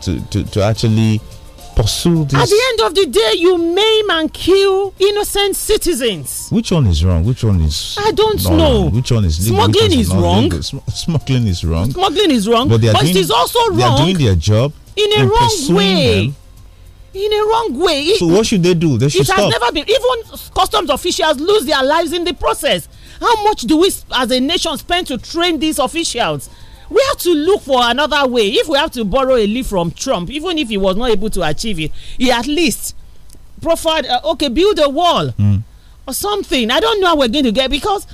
to, to, to, actually pursue this. At the end of the day, you maim and kill innocent citizens. Which one is wrong? Which one is? I don't know. Which one is Smuggling is, is wrong. Smuggling is wrong. Smuggling is wrong. But, they are but doing, it is also wrong. They are doing their job in a in wrong way. Them. In a wrong way. so what should they do? They should it stop. has never been. Even customs officials lose their lives in the process. How much do we, as a nation, spend to train these officials? we have to look for another way if we have to borrow a leaf from trump even if he was not able to achieve it he at least proffered uh, okay build a wall mm. or something i don't know how we're going to get because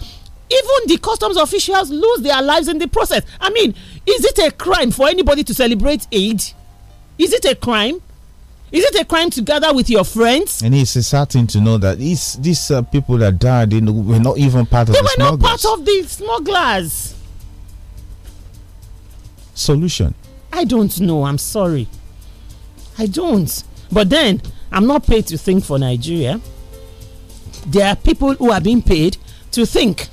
even the customs officials lose their lives in the process i mean is it a crime for anybody to celebrate aid is it a crime is it a crime to gather with your friends? And it's a certain to know that these these uh, people that died they were not even part of they the smugglers. They were not part of the smugglers solution? I don't know. I'm sorry. I don't. But then, I'm not paid to think for Nigeria. There are people who are being paid to think.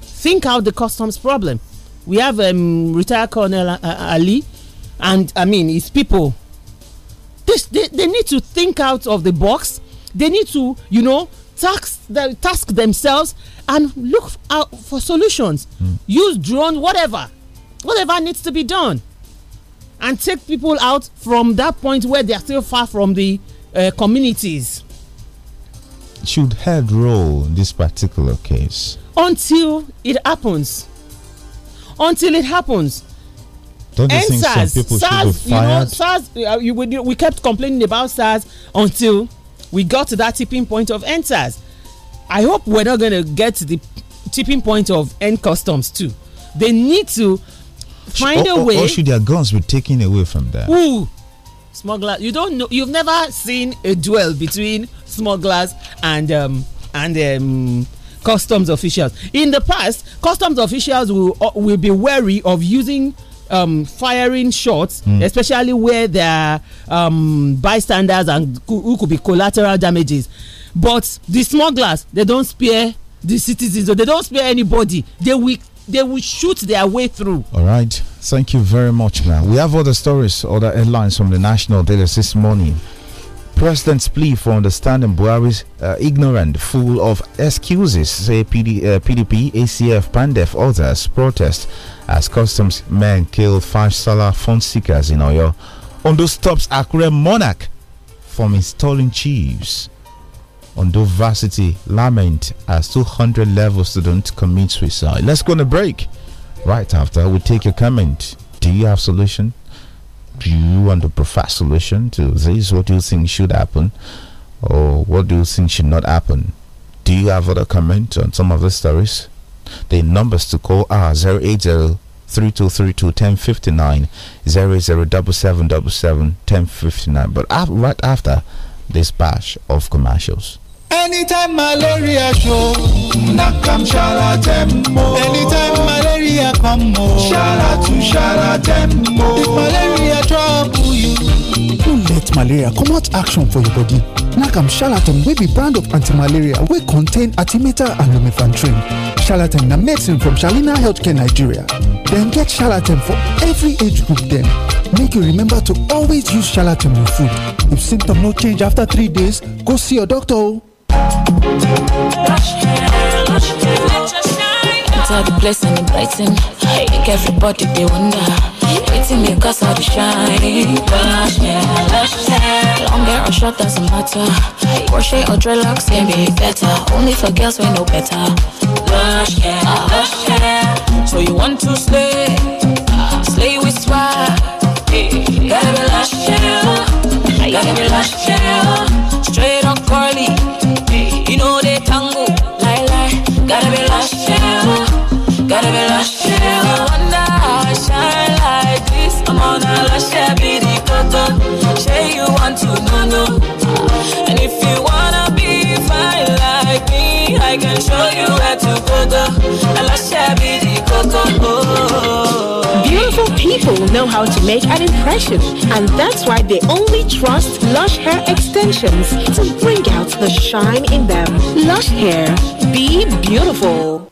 Think out the customs problem. We have um, retired Colonel Ali, and I mean, it's people. This, they, they need to think out of the box. They need to, you know, task the, task themselves and look out for solutions. Mm. Use drone, whatever whatever needs to be done and take people out from that point where they are still far from the uh, communities. Should head roll in this particular case? Until it happens. Until it happens. Don't you and think SARS, some people SARS, should be fired? You know, SARS, uh, you, we, we, kept complaining about SARS until we got to that tipping point of end SARS. I hope we're not going to get to the tipping point of end customs too. They need to find or, a way. Or should their guns be taken away from them? Ooh, smugglers! You don't know. You've never seen a duel between smugglers and um, and um, customs officials. In the past, customs officials will uh, will be wary of using um, firing shots, mm. especially where there are um, bystanders and who could be collateral damages. But the smugglers, they don't spare the citizens, or they don't spare anybody. They will they will shoot their way through. All right. Thank you very much, man. We have other stories, other headlines from the national daily this morning. President's plea for understanding Buhari's uh, ignorant, full of excuses, say PD, uh, PDP, ACF, PANDEF, others protest as customs men kill five Salah fund seekers in Oyo. those stops Akure monarch from installing chiefs. Ondo Varsity lament as 200 level students commit suicide. Let's go on a break. Right after, we take your comment. Do you have solution? Do you want to provide solution to this? What do you think should happen, or what do you think should not happen? Do you have other comment on some of the stories? The numbers to call are 080 3232 1059 00777 1059. But right after this batch of commercials. Anytime malaria show, Nakam am shalatemmo. Oh. Anytime malaria come o, shalatu shalatemmo. If malaria trouble you, don't let malaria comot action for your body. Nakam am shalatem wey be brand of anti-malaria wey contain artimata and lumefantrine. Shalatem na medicine from Shalina Healthcare Nigeria. Dem get shalatem for every age group dem. Make you remember to always use shalatem with food. If symptoms no change after three days, go see your doctor o. Oh. blessing and blighting. Make everybody they wonder. Waiting me cause all the shine. Lush hair, lush hair. Long hair or short doesn't matter. Crochet or dreadlocks can be better. Only for girls we know better. Lush hair, lush hair. So you want to slay? Slay with swag. Gotta be lush hair. Gotta be lush hair. I be the cotton. Say you want to know, no. And if you wanna be fine like me, I can show you where to go, though. A lost be the cotton. Beautiful people know how to make an impression, and that's why they only trust Lush Hair Extensions to bring out the shine in them. Lush Hair, be beautiful.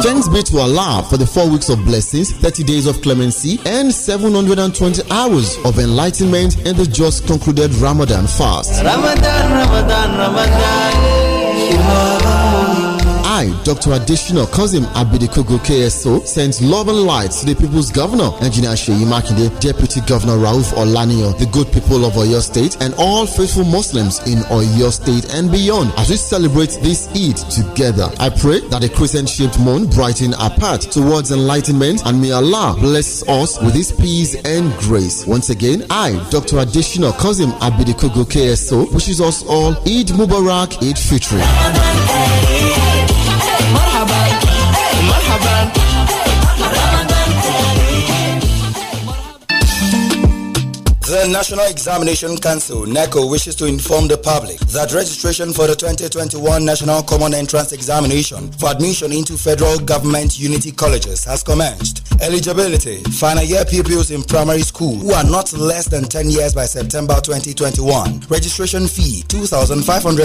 Thanks be to Allah for the four weeks of blessings, 30 days of clemency, and 720 hours of enlightenment in the just concluded Ramadan fast. Ramadan, Ramadan, Ramadan. I, Dr. Additional Cousin Abidikogo KSO, sends love and light to the people's governor, Engineer Sheyi Makinde, Deputy Governor Rauf Olaniyo, the good people of Oyo State, and all faithful Muslims in Oyo State and beyond as we celebrate this Eid together. I pray that the crescent shaped moon brighten our path towards enlightenment and may Allah bless us with His peace and grace. Once again, I, Dr. Additional Cousin Abidikogo KSO, wishes us all Eid Mubarak, Eid Fitri. The National Examination Council, NECO, wishes to inform the public that registration for the 2021 National Common Entrance Examination for admission into federal government unity colleges has commenced. Eligibility. Final year pupils in primary school who are not less than 10 years by September 2021. Registration fee 2500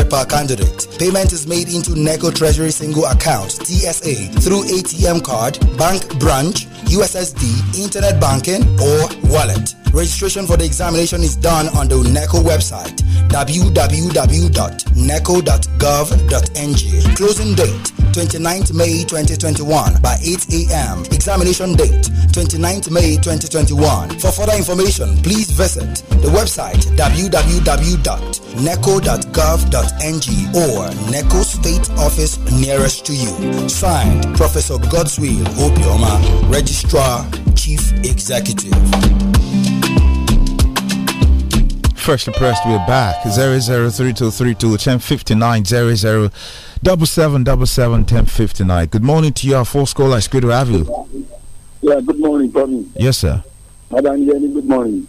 per candidate. Payment is made into NECO Treasury Single Account, TSA, through ATM card, bank branch, USSD, internet banking, or wallet. Registration for the examination is done on the NECO website www.neco.gov.ng. Closing date 29th May 2021 by 8 a.m. Examination date 29th May 2021. For further information, please visit the website www.neco.gov.ng or NECO State Office nearest to you. Signed, Professor Godswill Opioma, Registrar, Chief Executive. Freshly pressed, we're back. 003232 00 Good morning to you, our four scholar. It's good to have you. Yeah, good morning, Tony. Yes, sir. Madam Jenny, good morning.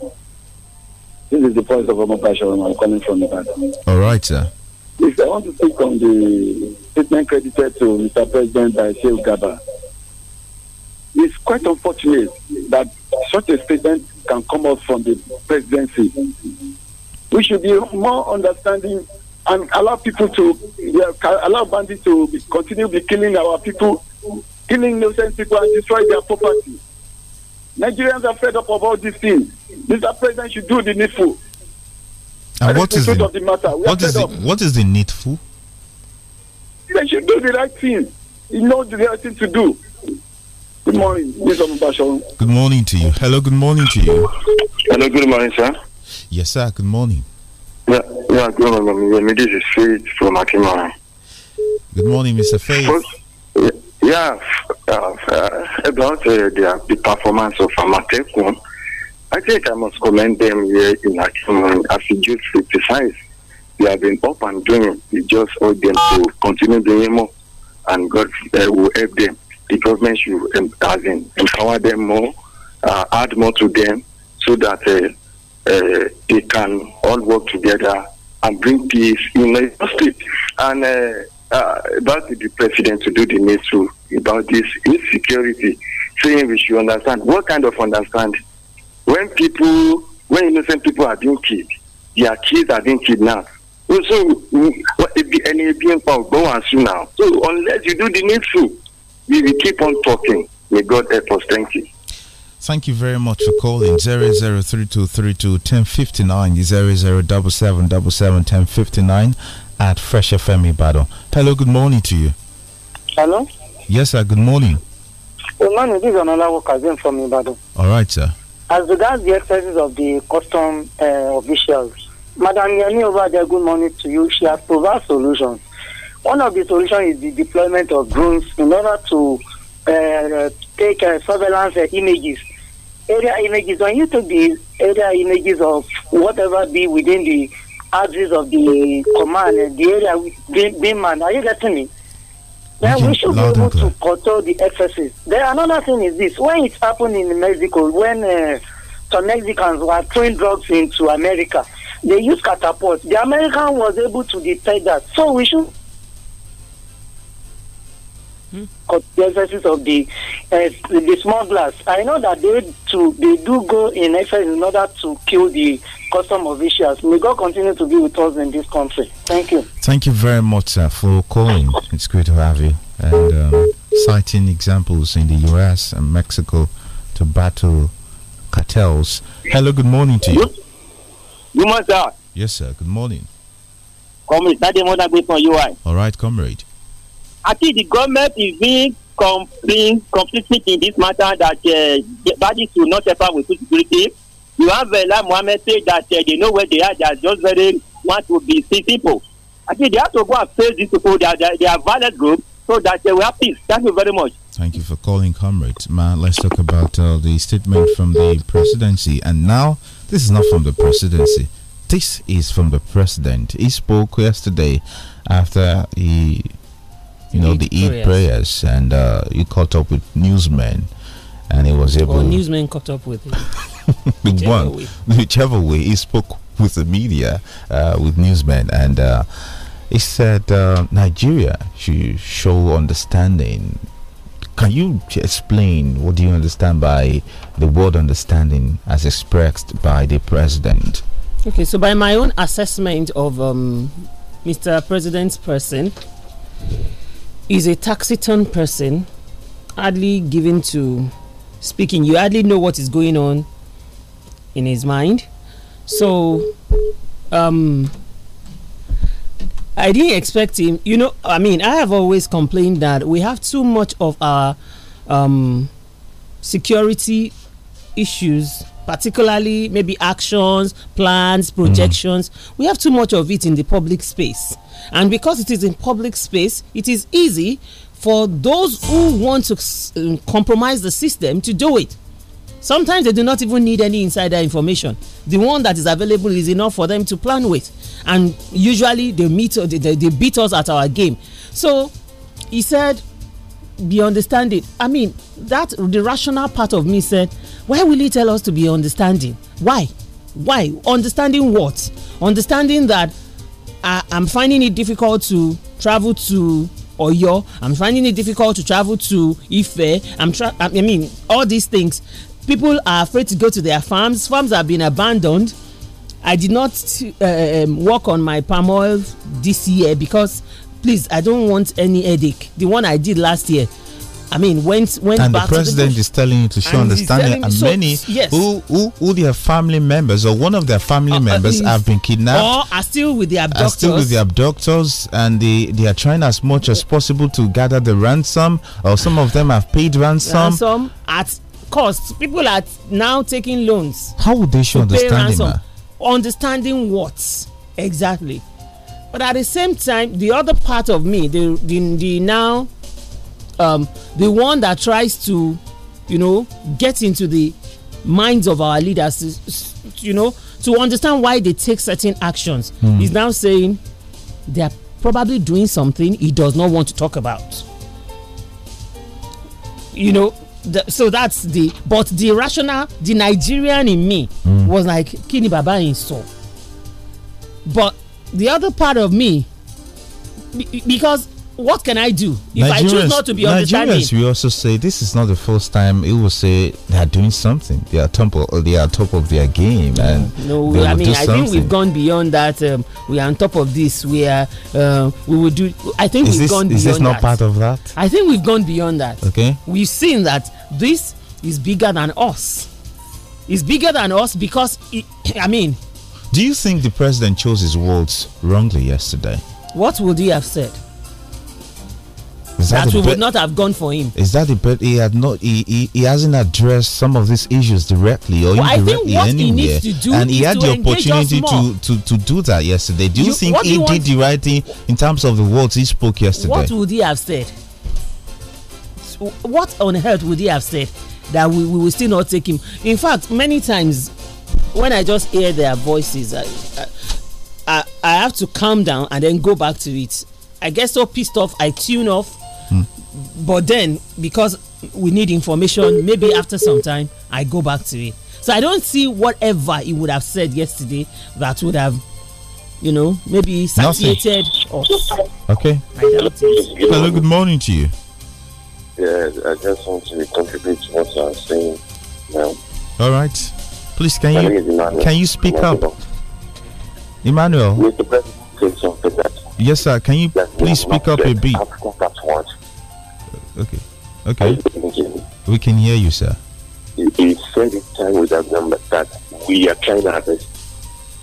This is the voice of Omar Bashar. I'm calling from Nevada. All right, sir. If I want to speak on the statement credited to Mr. President by Sheikh Gaba, it's quite unfortunate that such a statement can come out from the presidency we should be more understanding and allow people to allow bandits to continue be killing our people, killing innocent people and destroy their property. Nigerians are fed up of all these things. Mr. President should do the needful. And, and what is the, the matter. We what is the, what is the needful? They should do the right thing. You know the right thing to do. Good morning, Mr. Good morning to you. Hello, good morning to you. Hello, good morning, sir. Yes, sir. Good morning. Yeah, yeah, good morning. Yeah, this is Faith from Good morning, Mr. Faith. First, yeah, uh, about uh, the, the performance of Amatekun, I think I must commend them here in Akimara as you just 55. They have been up and doing. We just urge them to continue doing more, and God uh, will help them. The government should um, empower them more, uh, add more to them, so that uh, uh, they can all work together and bring peace in the state. And uh, uh, that's the president to do the needful about this insecurity, saying we should understand. What kind of understand? When people, when innocent people are being killed, their kids are being kidnapped. So, what if the NAPM power go and sue now? So, unless you do the needful, we will keep on talking. May God help us. Thank you. Thank you very much for calling 003232 00777 at Fresh FM Ibadan. Hello, good morning to you. Hello? Yes, sir, good morning. Good morning, this is another Kazim from Ibadan. All right, sir. As regards the exercises of the custom uh, officials, Madam Yani over there, good morning to you. She has provided solutions. One of the solutions is the deployment of drones in order to uh, take uh, surveillance uh, images area images you took the area images of whatever be within the axis of the command, the area being, being manned. Are you getting me? Then we should be able to control the excesses. Then another thing is this: when it happened in Mexico, when uh, some Mexicans were throwing drugs into America, they used catapult. The American was able to detect that, so we should the excesses of the uh, the smugglers. I know that they to they do go in effort in order to kill the custom officials. May God continue to be with us in this country. Thank you. Thank you very much, sir, for calling. It's great to have you and um, citing examples in the U.S. and Mexico to battle cartels. Hello, good morning to you. Good morning, sir. Yes, sir. Good morning. Comrade, that day, what I for you, All right, comrade. I think the government is being compli- complicit in this matter that uh, bodies will not suffer with food security. You have uh, like Mohammed say that uh, they know where they are, they are just very want to be see people. I think they have to go and face these people, they are, they are violent groups, so that they will have peace. Thank you very much. Thank you for calling, comrade. Man, let's talk about uh, the statement from the presidency. And now, this is not from the presidency. This is from the president. He spoke yesterday after he you know, the Eid prayers, prayers and uh, he caught up with newsmen and he was able. Or newsmen caught up with him. whichever one, way. whichever way, he spoke with the media, uh, with newsmen, and uh, he said uh, Nigeria should show understanding. Can you explain what do you understand by the word understanding as expressed by the president? Okay, so by my own assessment of um, Mr. President's person, is a taciturn person, hardly given to speaking. You hardly know what is going on in his mind. So, um, I didn't expect him. You know, I mean, I have always complained that we have too much of our um, security issues particularly maybe actions, plans, projections. Mm. We have too much of it in the public space. And because it is in public space, it is easy for those who want to um, compromise the system to do it. Sometimes they do not even need any insider information. The one that is available is enough for them to plan with. And usually they meet they, they beat us at our game. So he said be understanding. I mean, that the rational part of me said, why will he tell us to be understanding? Why? Why? Understanding what? Understanding that I, am finding it difficult to travel to Oyo. I'm finding it difficult to travel to Ife. I'm tra I mean, all these things. People are afraid to go to their farms. Farms have been abandoned. I did not uh, um, work on my palm oil this year because please i don't want any headache the one i did last year I mean, went went and the president the is telling you to show understanding, and so, many yes. who, who who their family members or one of their family uh, uh members have been kidnapped or are still with the abductors, are still with the abductors, and they they are trying as much as possible to gather the ransom, or some of them have paid ransom, ransom at cost. People are now taking loans. How would they show understanding? Understanding what exactly? But at the same time, the other part of me, the the, the now, um, the one that tries to, you know, get into the minds of our leaders, you know, to understand why they take certain actions, mm. is now saying they are probably doing something he does not want to talk about. You know, the, so that's the but the rational, the Nigerian in me mm. was like kini baba in so. But the other part of me because what can I do if Nigerians, I choose not to be understanding? Nigerians, we also say this is not the first time. It will say they are doing something. They are top of, they are top of their game, and no, I mean, I think we've gone beyond that. Um, we are on top of this. We are, uh, we will do. I think is we've this, gone beyond. Is this not that. part of that? I think we've gone beyond that. Okay, we've seen that this is bigger than us. It's bigger than us because it, I mean, do you think the president chose his words wrongly yesterday? What would he have said? Is that, that we would not have gone for him. Is that the bet he had not he, he, he hasn't addressed some of these issues directly or well, indirectly I anywhere. and he had the opportunity to, to, to do that yesterday. Do you, you think he did the right thing in terms of the words he spoke yesterday? What would he have said? What on earth would he have said that we, we will still not take him? In fact, many times when I just hear their voices, I, I, I have to calm down and then go back to it. I get so pissed off, I tune off. Mm. But then, because we need information, maybe after some time, I go back to it. So I don't see whatever he would have said yesterday that would have, you know, maybe satiated us. Okay. I doubt it. Hello, good morning to you. Yeah, I just want to contribute to what I'm saying now. All right. Please, can My you can you speak up, Emmanuel? Mr. President, yes, sir. Can you please speak up a bit? Okay, okay. We can hear you, sir. He said it time with that number that we are trying our best.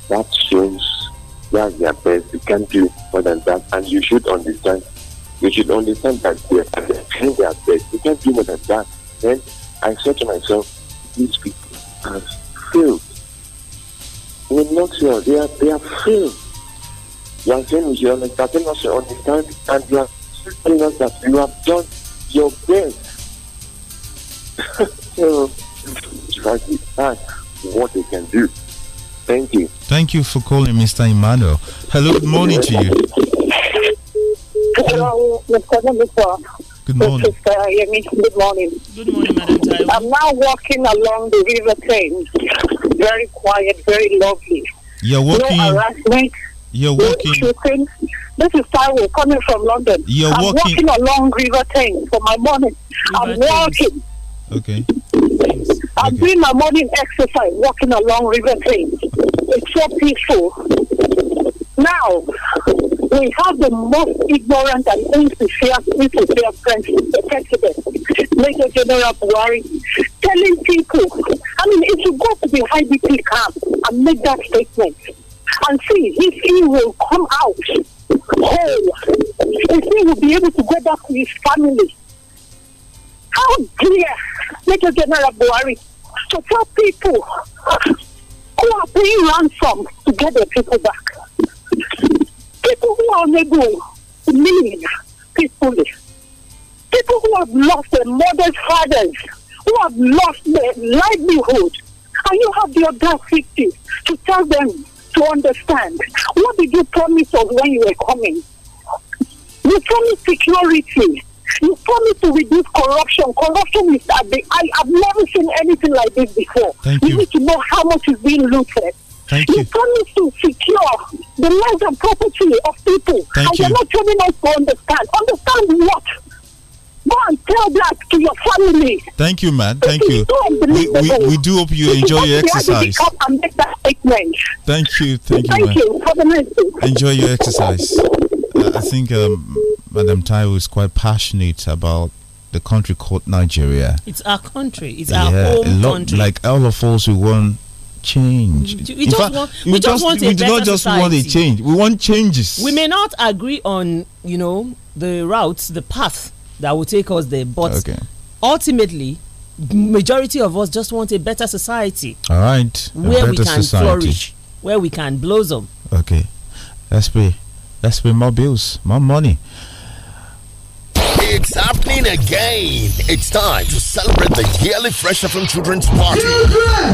That shows we are best. We can't do more than that, and you should understand. You should understand that we are trying their best. We can't do more than that. Then I said to myself, these people have we're not sure. They are, they are filled. You are saying you are entertaining not understand, and you are telling us that you have done your best. so, to find what they can do. Thank you. Thank you for calling, Mr. Emmanuel. Hello, good morning to you. Hello, Mr. Good morning. Good morning. Good morning, Madam I'm now walking along the River Thames. Very quiet, very lovely. You're walking. No harassment. You're walking. No This is Taiwo coming from London. You're I'm walking. walking along River Thames for my morning. River I'm walking. Okay. Okay. I'm doing my morning exercise walking along River Thames. It's so peaceful. Now, we have the most ignorant and insincere, insincere president, Major General Buhari, telling people, I mean, if you go to the IBP camp and make that statement and see if he will come out whole, if he will be able to go back to his family, how dare Major General Buhari to tell people who are paying ransom to get their people back? People who are unable to live peacefully. People who have lost their mothers, fathers, who have lost their livelihood. And you have the audacity to tell them to understand. What did you promise us when you were coming? You promised security. You promised to reduce corruption. Corruption is at the I have never seen anything like this before. Thank you. you need to know how much is being looted. Thank you. You promised to secure the lives and property of people. Thank and you. you're not telling us to understand. Understand what? Go and tell that to your family. Thank you, man. Thank you. So we, we, we, do hope you enjoy your exercise. And make that statement. Thank you. Thank you, Thank you a nice Enjoy your exercise. I think um, Madam Tai is quite passionate about the country called Nigeria. It's our country. It's yeah, our home lot, country. Like all of us, who want change. Mm, we In just fact, want we, we just, want we do not just society. want a change. We want changes. We may not agree on you know the routes, the path that will take us there, but okay. ultimately majority of us just want a better society. All right. Where we can society. flourish, where we can blossom. Okay. Let's pay. Let's pay more bills, more money. It's happening again. It's time to celebrate the yearly Fresh from Children's Party. Children,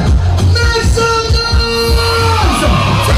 make some noise!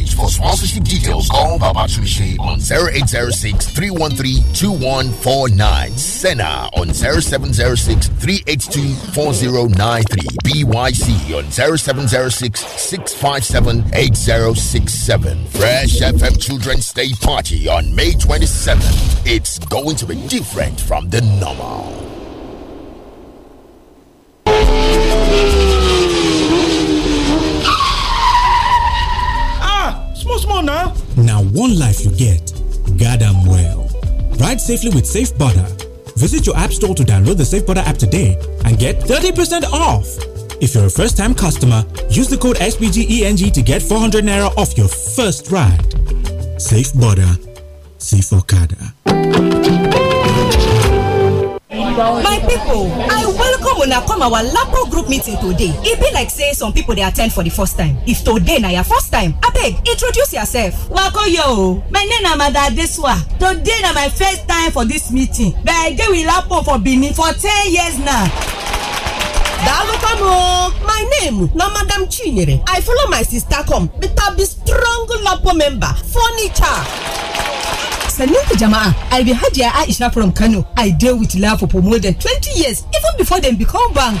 page for sponsorship details. Call Baba Chumishe on 0806 313 2149. Senna on 0706 382 BYC on 0706 657 8067. Fresh FM Children's Day Party on May 27th. It's going to be different from the normal. small now. Now, one life you get, guard them well. Ride safely with Safe Butter. Visit your app store to download the Safe Butter app today and get 30% off. If you're a first time customer, use the code SBGENG to get 400 Naira off your first ride. Safe Butter, Safe Okada. my people, i welcome una come our lapo group meeting today It e be like say some people they attend for the first time if today na your first time abeg introduce yourself. wakoyo o my name is mada adesuwa today na my first time for this meeting but i dey with lapo for benin for ten years now. Dalukomo. My name na Madam Chinyere. I follow my sister come, but I strong Lapo member, furniture. I've jama'a i be aisha from kano i deal with love for more than twenty years even before they become bank.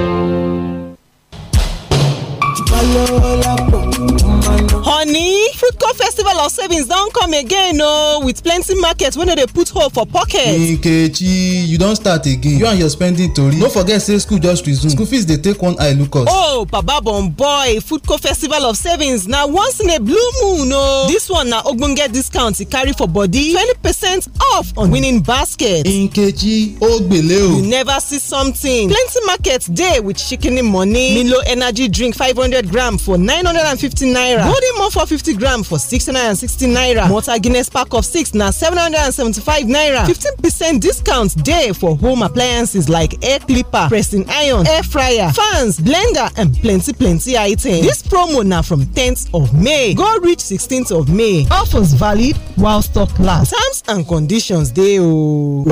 honey food court festival of savings don come again oh! with plenty market wey no dey put hole for pocket. nkechi you don start again you and your spending tori no forget say school just resume school fees dey take one eye look us. oh baba bon boy court festival of savings na once in a blue moon oh! this one na ogbonge discount e carry for body twenty percent off on winning basket. nkechi o gbele o. you never see something plenty market dey with shikini money milo energy drink five hundred hundred gram for nine hundred and fifty naira golden mop four fifty gram for six hundred and sixty naira malta guinness pack of six na seven hundred and seventy-five naira fifteen percent discount dey for home appliances like air clipper pressing iron air fryer fans blender and plenty plenty items this promo na from tenth of may go reach sixteenth of may offers valid while stock last terms and conditions dey o. Oh.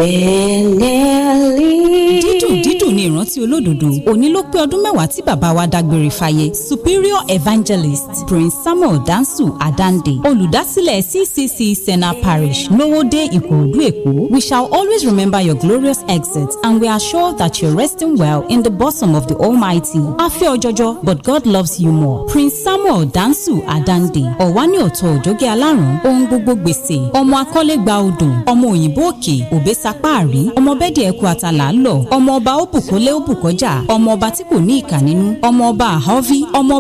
dídùn dídùn jésù ni ìrántí olódodo òní ló pé ọdún mẹ́wàá tí bàbá wa dágbére fáyé superior evangelist prince samuel dansu adande olùdásílẹ̀ ccc sena parish lówódé ìkòròdú èkó we shall always remember your glorious exit and we are sure that you are resting well in the bosom of the almighty afẹ́ ọjọ́jọ́ but god loves you more prince samuel dansu adande ọ̀wání ọ̀tọ̀ òjògé alárùn ohun gbogbo gbèsè ọmọ akọ́lé gba odò ọmọ òyìnbó òkè òbẹ́sapáàrí ọmọ bẹ́ẹ̀dì ẹ̀kú àtàlà lọ ọmọ ọba ó bù kòkólé ó bùkọ́jà ọmọ tí kò ní ìkà nínú ọmọ ọba àhọ́fí ọmọ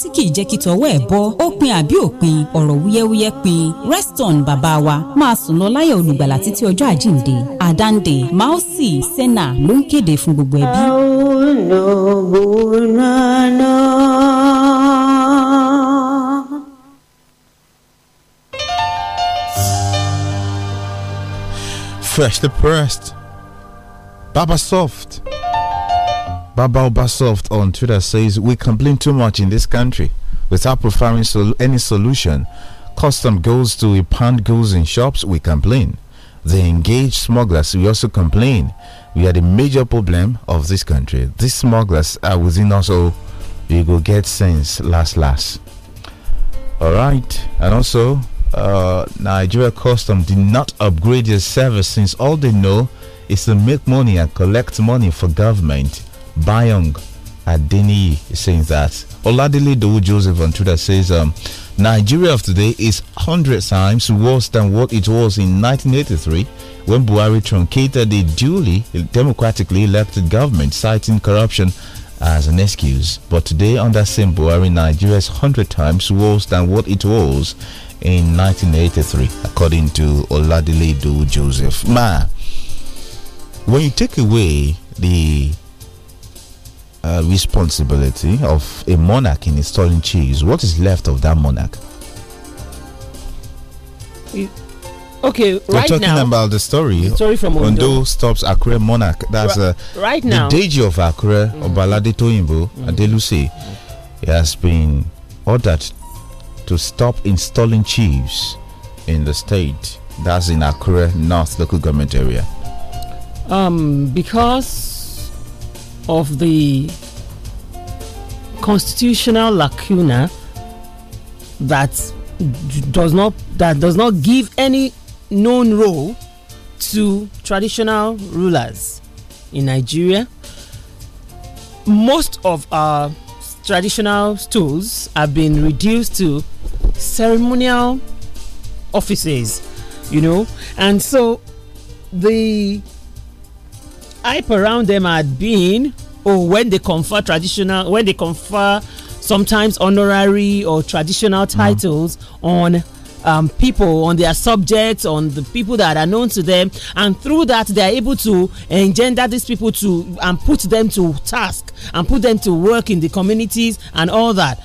tí kì í jẹ́ kí tọwọ́ ẹ̀ bọ́ ó àbí òpin ọ̀rọ̀ wúyẹ́wúyẹ́ pin reston bàbá wa máa sùn lọ láyọ̀ olùgbàlà títí ọjọ́ àjíǹde àdáǹde maosi sena ló ń kéde fún gbogbo ẹbí. Fresh depressed. Baba Soft. Baba Oba Soft on Twitter says, We complain too much in this country without preferring sol any solution. Custom goes to a pound goes in shops, we complain. They engage smugglers, we also complain. We are the major problem of this country. These smugglers are within us all. We go get sense last last. Alright, and also, uh, Nigeria Custom did not upgrade their service since all they know is to make money and collect money for government. Bayong Adini saying that. Oladile Dowu Joseph on Twitter says, um, Nigeria of today is 100 times worse than what it was in 1983 when Buhari truncated the duly democratically elected government, citing corruption as an excuse. But today, under same Buhari, Nigeria is 100 times worse than what it was in 1983, according to Oladile Dowu Joseph. Ma when you take away the uh, responsibility of a monarch in installing cheese, what is left of that monarch? It, okay, We're talking now, about the story. The story from Ondo. Ondo stops Akure monarch. That's uh, right now. The Deji of Akure, mm. Obalade Toyinbo, mm. Mm-hmm. Adelusi, mm. has been ordered to stop installing chiefs in the state. That's in Akure North local government area. Um, because of the constitutional lacuna that does not that does not give any known role to traditional rulers in Nigeria. Most of our traditional stools have been reduced to ceremonial offices, you know, and so the hype around them had been oh when they confer traditional when they confer sometimes honorary or traditional mm. titles mm. on um, people on their subjects on the people that are known to them and through that they are able to engender these people to and put them to task and put them to work in the communities and all that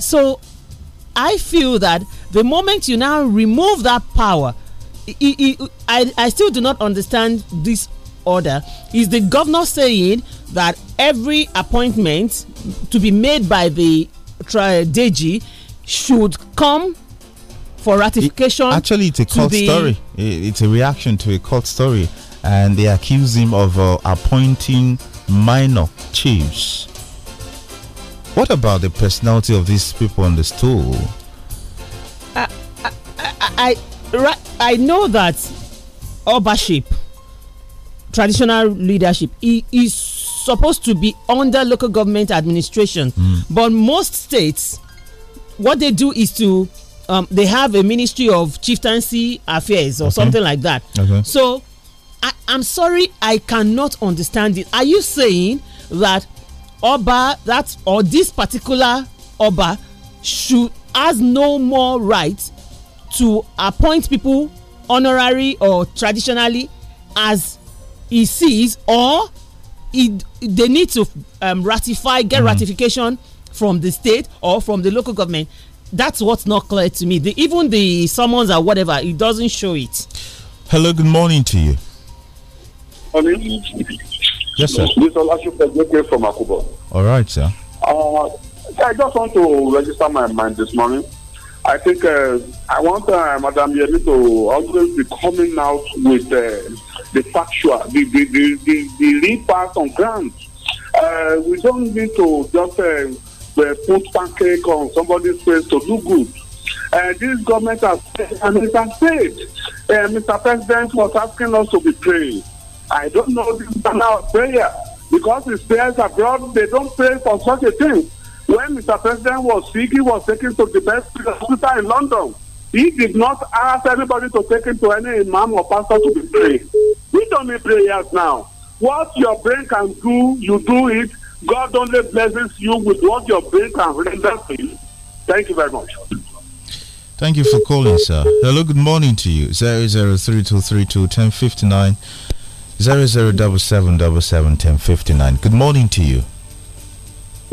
so i feel that the moment you now remove that power I, I, I still do not understand this order is the governor saying that every appointment to be made by the tri DG should come for ratification. It, actually, it's a cult story. It's a reaction to a cult story, and they accuse him of uh, appointing minor chiefs. What about the personality of these people on the stool? I, I, I, I, I know that Obaship traditional leadership. He is supposed to be under local government administration, mm. but most states, what they do is to um, they have a ministry of chieftaincy affairs or okay. something like that. Okay. So I, am sorry, I cannot understand it. Are you saying that Oba that or this particular Oba should has no more right to appoint people honorary or traditionally as he sees or he, they need to um, ratify, get mm. ratification from the state or from the local government. That's what's not clear to me. The, even the summons or whatever, it doesn't show it. Hello, good morning to you. Yes, sir. This is from All right, sir. Uh, I just want to register my mind this morning. I think uh, I want uh, Madam Yemi to always be coming out with uh, the factual, the, the, the, the, the real part on ground. Uh, we don't need to just uh, uh put pancake on somebody's face to do good. Uh, this government has and it has said, uh, Mr. President was asking us to be praying. I don't know this is an prayer because his prayers abroad, they don't pray for such a thing when Mr. President was sick, he was taken to the best hospital in London. He did not ask anybody to take him to any imam or pastor to be prayed. We don't need prayers now. What your brain can do, you do it. God only blesses you with what your brain can render to you. Thank you very much. Thank you for calling, sir. Hello, good morning to you. 003232159 007771059. Good morning to you.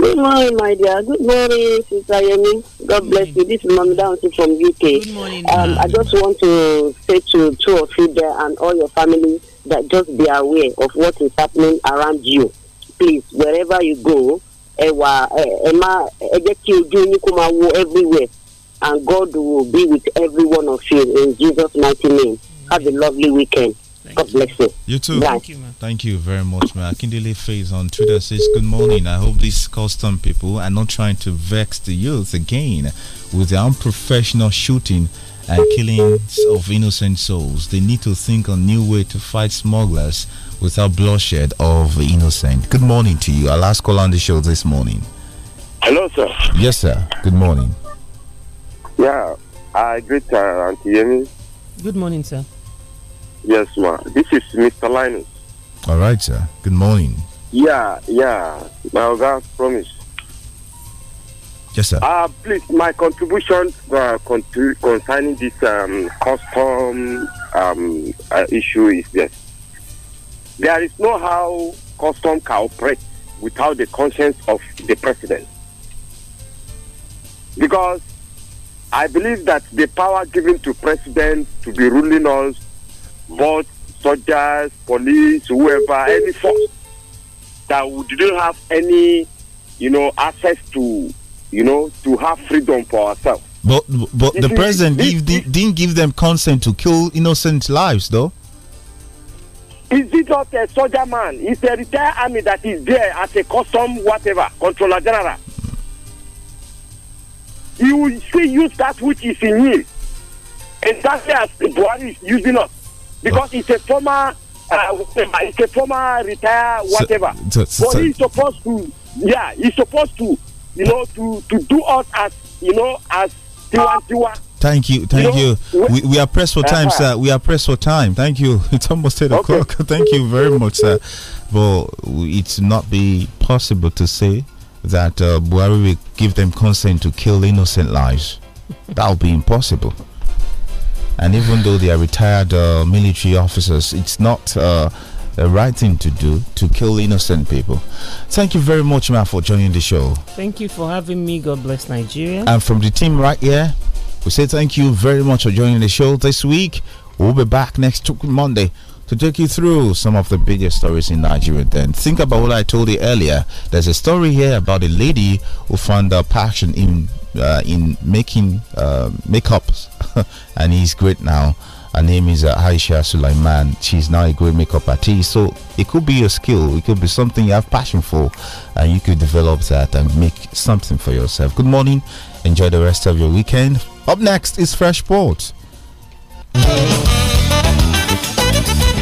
Good morning, my dear. Good morning, Sister Yemi. God bless mm. you. This is Mami from UK. Good morning. Um, I just want to say to two or three there and all your family that just be aware of what is happening around you. Please, wherever you go, eh, eh, everywhere. And God will be with every one of you in Jesus' mighty name. Have a lovely weekend. God bless you. You too. Thank you, man. Thank you very much, man. Akindele Faze on Twitter says, Good morning. I hope these custom people are not trying to vex the youth again with their unprofessional shooting and killings of innocent souls. They need to think a new way to fight smugglers without bloodshed of innocent. Good morning to you. Our last call on the show this morning. Hello, sir. Yes, sir. Good morning. Yeah, I greet uh, Auntie Yemi. Good morning, sir. Yes, ma'am. This is Mr. Linus. All right, sir. Good morning. Yeah, yeah. My that promise. Yes, sir. Uh, please, my contribution uh, concerning this um, custom um, uh, issue is this. There is no how custom can operate without the conscience of the president. Because I believe that the power given to president to be ruling us both soldiers, police, whoever, any force that didn't have any, you know, access to, you know, to have freedom for ourselves. But but the president give, didn't give them consent to kill innocent lives, though. Is it not a soldier man? It's a retired army that is there as a custom whatever controller general. He will still use that which is in him, and that's why Buhari is using us because he's a former uh, it's a former retire whatever. So, so, but he's supposed to, yeah, he's supposed to, you know, to to do us as you know as tiwa tiwa. Thank you, thank you. you. We, we are pressed for time, uh -huh. sir. We are pressed for time. Thank you. It's almost eight okay. o'clock. Thank you very much, sir. But it's not be possible to say that uh, Buhari will give them consent to kill innocent lives. That would be impossible. And even though they are retired uh, military officers, it's not uh, the right thing to do to kill innocent people. Thank you very much, man, for joining the show. Thank you for having me. God bless Nigeria. And from the team right here, we say thank you very much for joining the show this week. We'll be back next Monday to take you through some of the biggest stories in Nigeria. Then think about what I told you earlier. There's a story here about a lady who found her passion in uh, in making uh, makeups, and he's great now. Her name is uh, Aisha Sulaiman. She's now a great makeup artist. So it could be your skill, it could be something you have passion for, and you could develop that and make something for yourself. Good morning. Enjoy the rest of your weekend. Up next is Fresh Sports.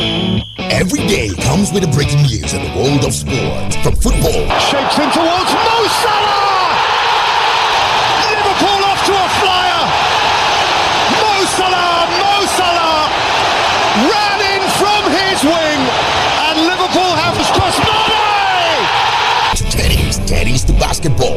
Every day comes with a breaking news in the world of sports. From football, shapes in towards Mo Salah. Liverpool off to a flyer. Mo Salah, Mo Salah ran in from his wing, and Liverpool have crossed Mane. To tennis, tennis to basketball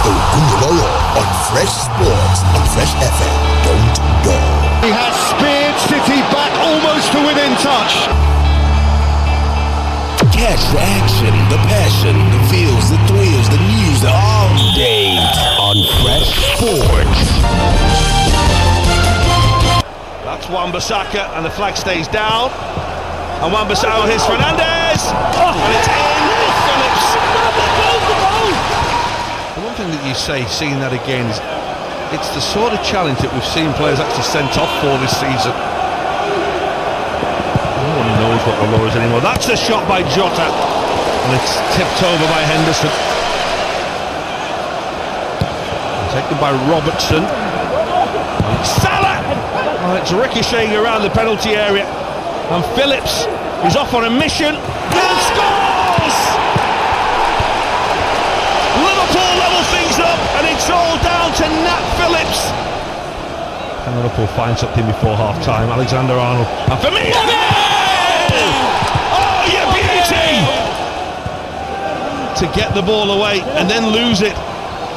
on Fresh Sports on Fresh FM. Don't go. He has speared City back almost to within touch. Catch the action, the passion, the feels, the thrills, the news all day on Fresh Sports. That's Wan-Bissaka and the flag stays down. And Wan-Bissaka here's Fernandez. Oh. And it's in you say, seeing that again, it's the sort of challenge that we've seen players actually sent off for this season. No one knows what the law is anymore. That's a shot by Jota, and it's tipped over by Henderson. Taken by Robertson. it's Salah! Oh, it's ricocheting around the penalty area. And Phillips is off on a mission. And scores! to Nat Phillips. Can Liverpool find something before half time? Alexander Arnold. And for me, Oh, you beauty! To get the ball away and then lose it.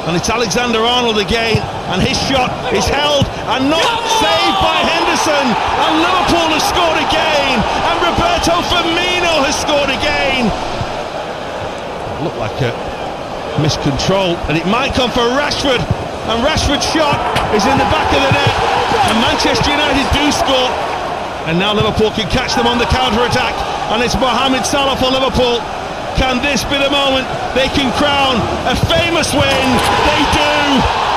And it's Alexander Arnold again. And his shot is held and not saved by Henderson. And Liverpool has scored again. And Roberto Firmino has scored again. Looked like a miscontrol. And it might come for Rashford and Rashford's shot is in the back of the net and Manchester United do score and now Liverpool can catch them on the counter-attack and it's Mohamed Salah for Liverpool can this be the moment they can crown a famous win they do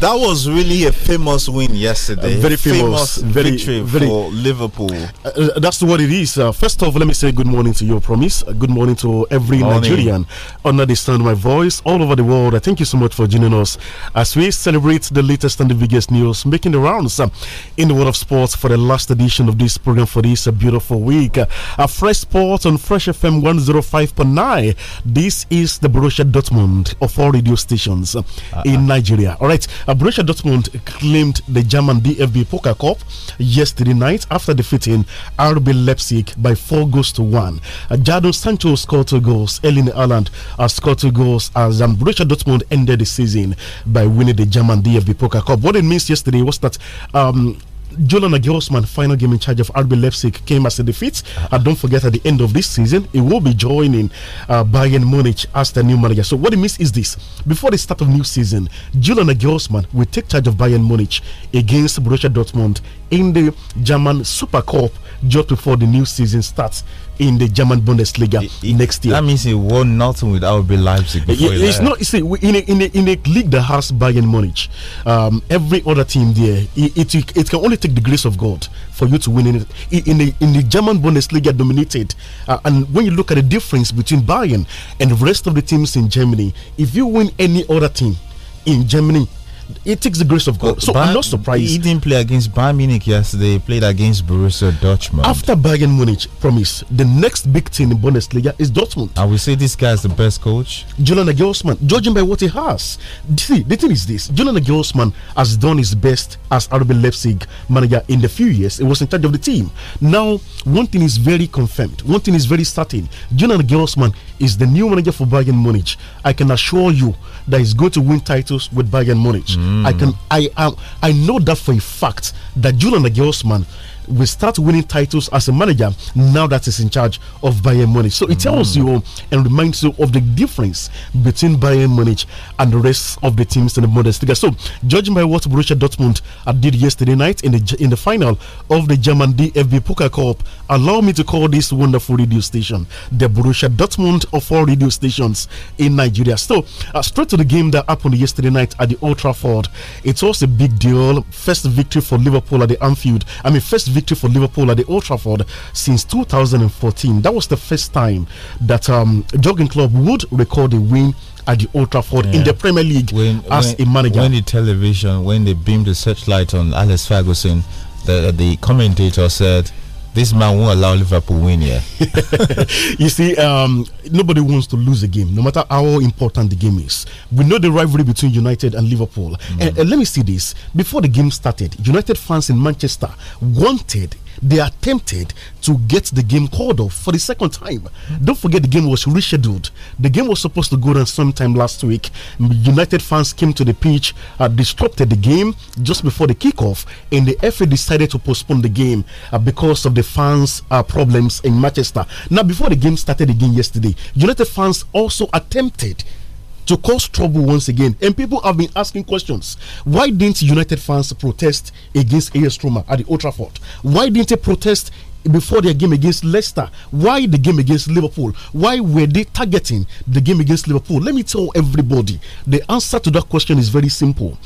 that was really a famous win yesterday. very famous, famous very, victory very, for Liverpool. Uh, uh, that's what it is. Uh, first all, let me say good morning to your promise. Uh, good morning to every morning. Nigerian Understand my voice all over the world. I thank you so much for joining us as we celebrate the latest and the biggest news making the rounds uh, in the world of sports for the last edition of this program for this uh, beautiful week. Uh, Fresh Sports on Fresh FM 105.9. This is the Borussia Dortmund of all radio stations uh-uh. in Nigeria. All right. Borussia Dortmund claimed the German DFB Poker Cup yesterday night after defeating RB Leipzig by four goals to one. Uh, Jadon Sancho scored two goals. Elin Haaland uh, scored two goals as um, Borussia Dortmund ended the season by winning the German DFB Poker Cup. What it means yesterday was that um, Jolan Grossman, final game in charge of RB Leipzig, came as a defeat. Uh And don't forget, at the end of this season, he will be joining uh, Bayern Munich as the new manager. So, what it means is this before the start of new season, Jolan Grossman will take charge of Bayern Munich against Borussia Dortmund in the German Super Cup just before the new season starts in the German Bundesliga it, next year. That means he won nothing with RB Leipzig. Before it, it's not. See, in a, in a, in a league that has Bayern Munich, um, every other team there, it, it, it can only take the grace of God for you to win in it. In the in the German Bundesliga dominated, uh, and when you look at the difference between Bayern and the rest of the teams in Germany, if you win any other team in Germany it takes the grace of God. Oh, so ba I'm not surprised. He didn't play against Bayern Munich yesterday. He played against Borussia Dortmund. After Bayern Munich, promise the next big thing in Bundesliga is Dortmund. I will say this guy is the best coach. Julian Nagelsmann, judging by what he has, see the thing is this: Julian Nagelsmann has done his best as RB Leipzig manager in the few years he was in charge of the team. Now, one thing is very confirmed. One thing is very certain: Julian Nagelsmann is the new manager for Bayern Munich. I can assure you that he's going to win titles with Bayern Munich. Mm. Mm. I can I, I I know that for a fact that Julian Nagelsmann will start winning titles as a manager now that he's in charge of Bayern Munich. So it mm. tells you and reminds you of the difference between Bayern Munich and the rest of the teams in the Bundesliga. So judging by what Borussia Dortmund uh, did yesterday night in the in the final of the German DFB Poker Cup, allow me to call this wonderful radio station the Borussia Dortmund of all radio stations in Nigeria. So uh, straight to the game that happened yesterday night at the Old Trafford. It was a big deal. First victory for Liverpool at the Anfield. I mean, first victory for Liverpool at the Old Trafford since 2014. That was the first time that um, Jogging Club would record a win at the Old Trafford yeah. in the Premier League when, as when, a manager. When the television, when they beamed the searchlight on Alex Ferguson, the, the commentator said this man won't allow Liverpool win here. you see, um, nobody wants to lose a game, no matter how important the game is. We know the rivalry between United and Liverpool. Mm. And, and let me see this: before the game started, United fans in Manchester wanted they attempted to get the game called off for the second time. Don't forget the game was rescheduled. The game was supposed to go on sometime last week. United fans came to the pitch, uh, disrupted the game just before the kickoff, and the FA decided to postpone the game uh, because of the fans' uh, problems in Manchester. Now, before the game started again yesterday, United fans also attempted to cause trouble once again. And people have been asking questions. Why didn't United fans protest against AS Roma at the Old Trafford? Why didn't they protest before their game against Leicester? Why the game against Liverpool? Why were they targeting the game against Liverpool? Let me tell everybody the answer to that question is very simple.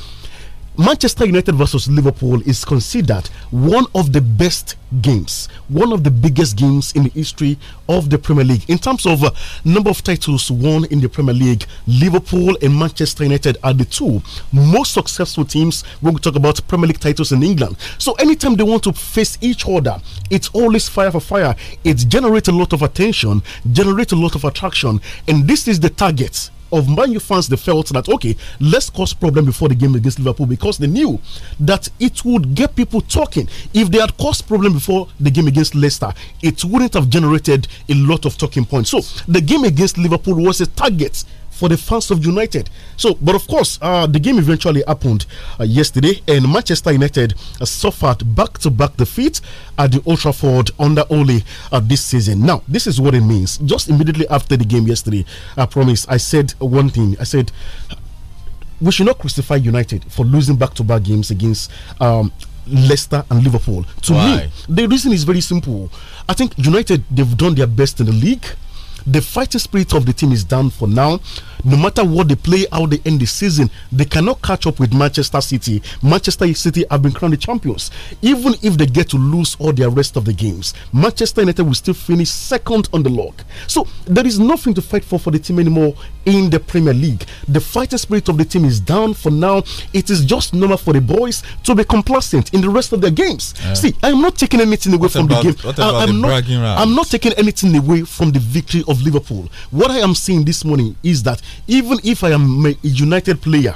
Manchester United versus Liverpool is considered one of the best games, one of the biggest games in the history of the Premier League. In terms of uh, number of titles won in the Premier League, Liverpool and Manchester United are the two most successful teams when we talk about Premier League titles in England. So anytime they want to face each other, it's always fire for fire. It generates a lot of attention, generates a lot of attraction, and this is the target of Man U fans, they felt that okay, let's cause problem before the game against Liverpool because they knew that it would get people talking. If they had caused problem before the game against Leicester, it wouldn't have generated a lot of talking points. So the game against Liverpool was a target for the fans of United. So, but of course, uh, the game eventually happened uh, yesterday, and Manchester United uh, suffered back to back defeat at the Old Trafford under Ole uh, this season. Now, this is what it means. Just immediately after the game yesterday, I promise, I said one thing. I said, we should not crucify United for losing back to back games against. Um, Leicester and Liverpool. To Why? me, the reason is very simple. I think United they've done their best in the league. The fighting spirit of the team is down for now no matter what they play out they end the season, they cannot catch up with Manchester City. Manchester City have been crowned the champions. Even if they get to lose all their rest of the games, Manchester United will still finish second on the log. So there is nothing to fight for for the team anymore in the Premier League. The fighting spirit of the team is down for now. It is just normal for the boys to be complacent in the rest of their games. Yeah. See, I am not taking anything away what from about, the game. I, am not, I'm not taking anything away from the victory of Liverpool. What I am saying this morning is that even if I am a United player,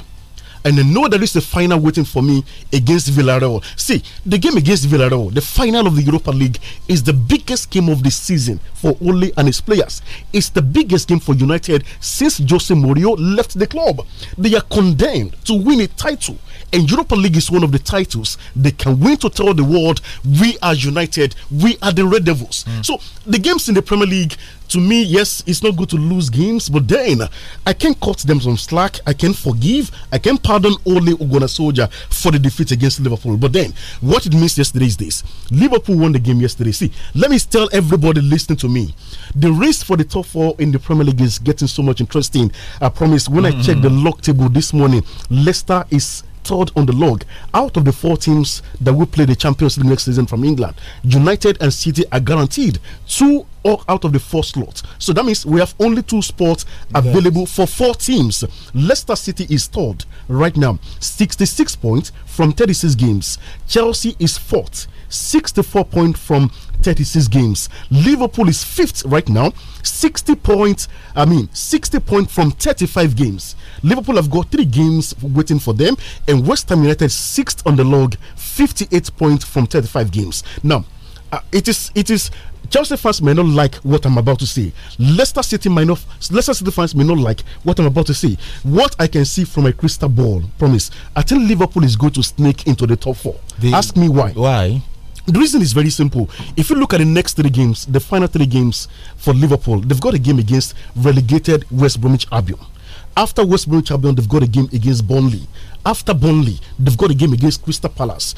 and I know there is a final waiting for me against Villarreal. See, the game against Villarreal, the final of the Europa League, is the biggest game of the season for Ole and his players. It's the biggest game for United since Jose Mourinho left the club. They are condemned to win a title and Europa League is one of the titles they can win to tell the world we are united, we are the Red Devils. Mm. So the games in the Premier League, to me, yes, it's not good to lose games, but then I can cut them some slack. I can forgive. I can pardon only Ugona Soldier for the defeat against Liverpool. But then, what it means yesterday is this Liverpool won the game yesterday. See, let me tell everybody listening to me the race for the top four in the Premier League is getting so much interesting. I promise when mm -hmm. I check the lock table this morning, Leicester is third on the log out of the four teams that will play the Champions League next season from England. United and City are guaranteed two or out of the four slots. So that means we have only two spots available yes. for four teams. Leicester City is third right now, 66 points from 36 games. Chelsea is fourth. 64 points from 36 games. Liverpool is fifth right now, 60 points, I mean, 60 points from 35 games. Liverpool have got three games waiting for them, and West Ham United sixth on the log, 58 points from 35 games. Now, uh, it is, it is. Chelsea fans may not like what I'm about to say. Leicester City may not, Leicester City fans may not like what I'm about to say. What I can see from a crystal ball, promise. I think Liverpool is going to sneak into the top four. The, Ask me why. Why? The reason is very simple. If you look at the next three games, the final three games for Liverpool, they've got a game against relegated West Bromwich Albion. After West Bromwich Albion, they've got a game against Burnley. After Burnley, they've got a game against Crystal Palace.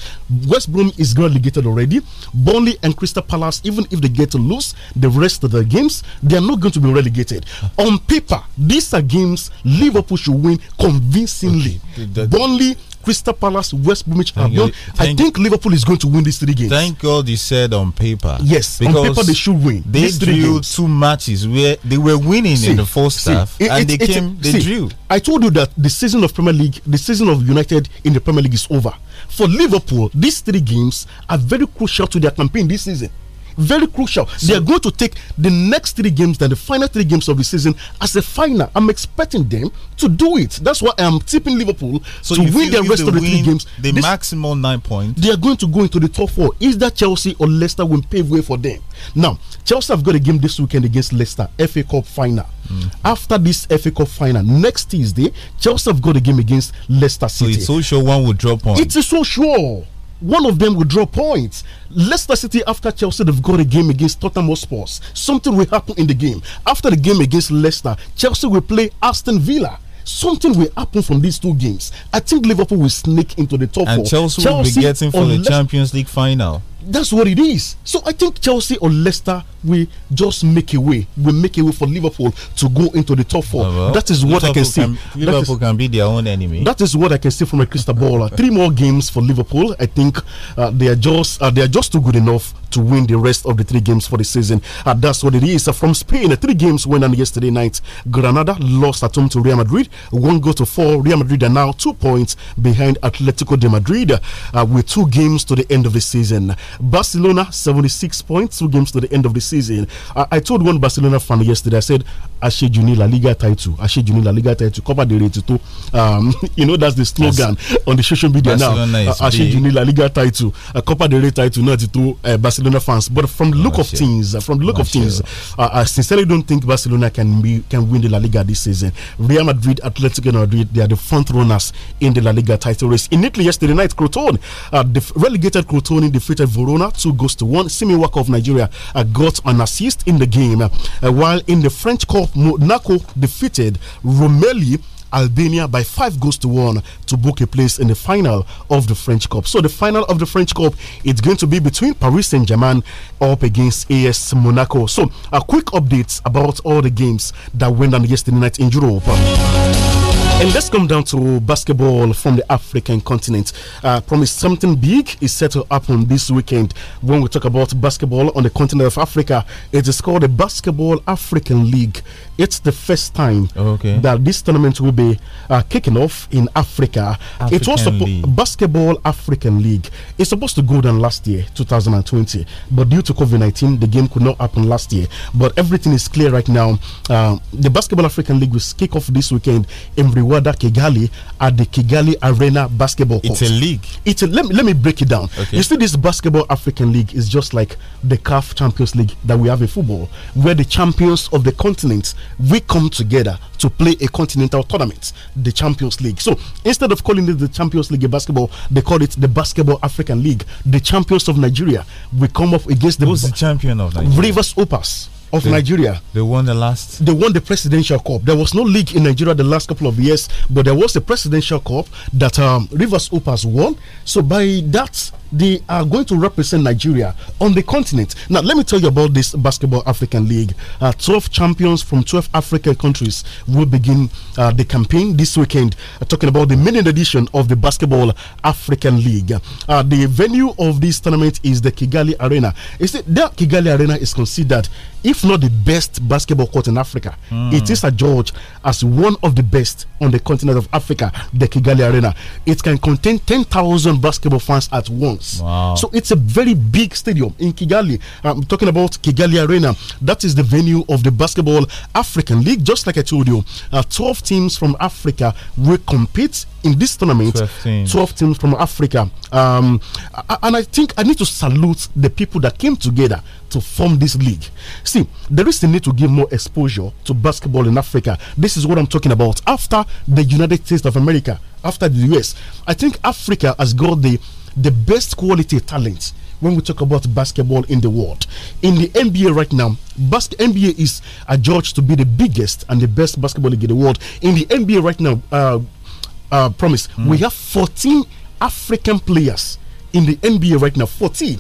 West Brom is relegated already. Burnley and Crystal Palace, even if they get to lose the rest of the games, they are not going to be relegated. On paper, these are games Liverpool should win convincingly. Okay. Burnley. Crystal Palace, West Bromwich Albion. I think Liverpool is going to win these three games. Thank God you said on paper. Yes, because on paper they should win. They these drew two matches where they were winning see, in the first see, half, it, and it, they it, came. They see, drew. I told you that the season of Premier League, the season of of United in the Premier League is over. For Liverpool, these three games are very crucial to their campaign this season very crucial. So they are going to take the next three games, then the final three games of the season as a final. I'm expecting them to do it. That's why I'm tipping Liverpool so to win the rest of the win, three games. The this, maximum nine points. They are going to go into the top four. Is that Chelsea or Leicester will pave way for them? Now, Chelsea have got a game this weekend against Leicester, FA Cup final. Mm. After this FA Cup final, next Tuesday, Chelsea have got a game against Leicester City. So it's so sure one will drop on. It is so sure one of them will draw points. Leicester City after Chelsea they've got a game against Tottenham Hotspurs. Something will happen in the game. After the game against Leicester, Chelsea will play Aston Villa something will happen from these two games. I think Liverpool will sneak into the top and four. Chelsea, Chelsea will be getting for the Champions League final. That's what it is. So I think Chelsea or Leicester will just make a way. Will make a way for Liverpool to go into the top four. well, that is what Liverpool I can see. Can, Liverpool is, can be their own enemy. That is what I can see from a crystal ball. Uh, three more games for Liverpool. I think uh, they are just uh, they are just too good enough to win the rest of the three games for the season. Uh, that's what it is. Uh, from Spain, uh, three games won and yesterday night. Granada lost at home to Real Madrid, one goal to four. Real Madrid are now two points behind Atletico de Madrid uh, with two games to the end of the season. Barcelona, 76 points, two games to the end of the season. Uh, I told one Barcelona fan yesterday, I said, Aṣejù ni La Liga title, Aṣejù ni La Liga title, Copa del Rey title. Um, you know, that's the slogan yes. on the social media Barcelona now. Uh, Aṣejù ni La Liga title, uh, Copa del Rey title, náà ti tó Barcelona. Barcelona fans. But from the oh, look of things, uh, from the look of things, I uh, uh, sincerely don't think Barcelona can be, can win the La Liga this season. Real Madrid, Atletico Madrid, they are the front runners in the La Liga title race. In Italy yesterday night, Crotone, uh, the relegated Crotone defeated Verona two goals to one. Simi Waka of Nigeria uh, got an assist in the game, uh, while in the French Cup, Monaco defeated Romelli. Albania by five goals to one to book a place in the final of the French Cup. So the final of the French Cup it's going to be between Paris Saint Germain up against AS Monaco. So a quick update about all the games that went on yesterday night in Europe. And let's come down to basketball from the African continent. Uh, promise something big is set to happen this weekend when we talk about basketball on the continent of Africa. It is called the Basketball African League. It's the first time okay. that this tournament will be uh, kicking off in Africa. African it was the Basketball African League. It's supposed to go down last year, 2020, but due to COVID 19, the game could not happen last year. But everything is clear right now. Uh, the Basketball African League will kick off this weekend in Kigali at the Kigali Arena Basketball Court. It's a league. It's a, let, me, let me break it down. Okay. You see, this Basketball African League is just like the CAF Champions League that we have in football, where the champions of the continent, we come together to play a continental tournament, the Champions League. So instead of calling it the Champions League in basketball, they call it the Basketball African League. The champions of Nigeria, we come up against the... Who's the champion of Nigeria? Rivers Opas of they, Nigeria. They won the last. They won the Presidential Cup. There was no league in Nigeria the last couple of years, but there was a Presidential Cup that um, Rivers Upas won. So by that they are going to represent Nigeria on the continent. Now, let me tell you about this Basketball African League. Uh, 12 champions from 12 African countries will begin uh, the campaign this weekend, uh, talking about the maiden edition of the Basketball African League. Uh, the venue of this tournament is the Kigali Arena. Is it that Kigali Arena is considered, if not the best basketball court in Africa, mm. it is adjudged as one of the best on the continent of Africa, the Kigali Arena. It can contain 10,000 basketball fans at once fans. Wow. So it's a very big stadium in Kigali. I'm talking about Kigali Arena. That is the venue of the Basketball African League. Just like I told you, uh, 12 teams from Africa will compete in this tournament. 12 teams, 12 teams from Africa. Um, and I think I need to salute the people that came together to form this league. See, there is the need to give more exposure to basketball in Africa. This is what I'm talking about. After the United States of America, after the US, I think Africa has got the the best quality talent when we talk about basketball in the world. In the NBA right now, bas NBA is adjudged to be the biggest and the best basketball league in the world. In the NBA right now, uh, uh, promise, mm. we have 14 African players in the NBA right now. 14.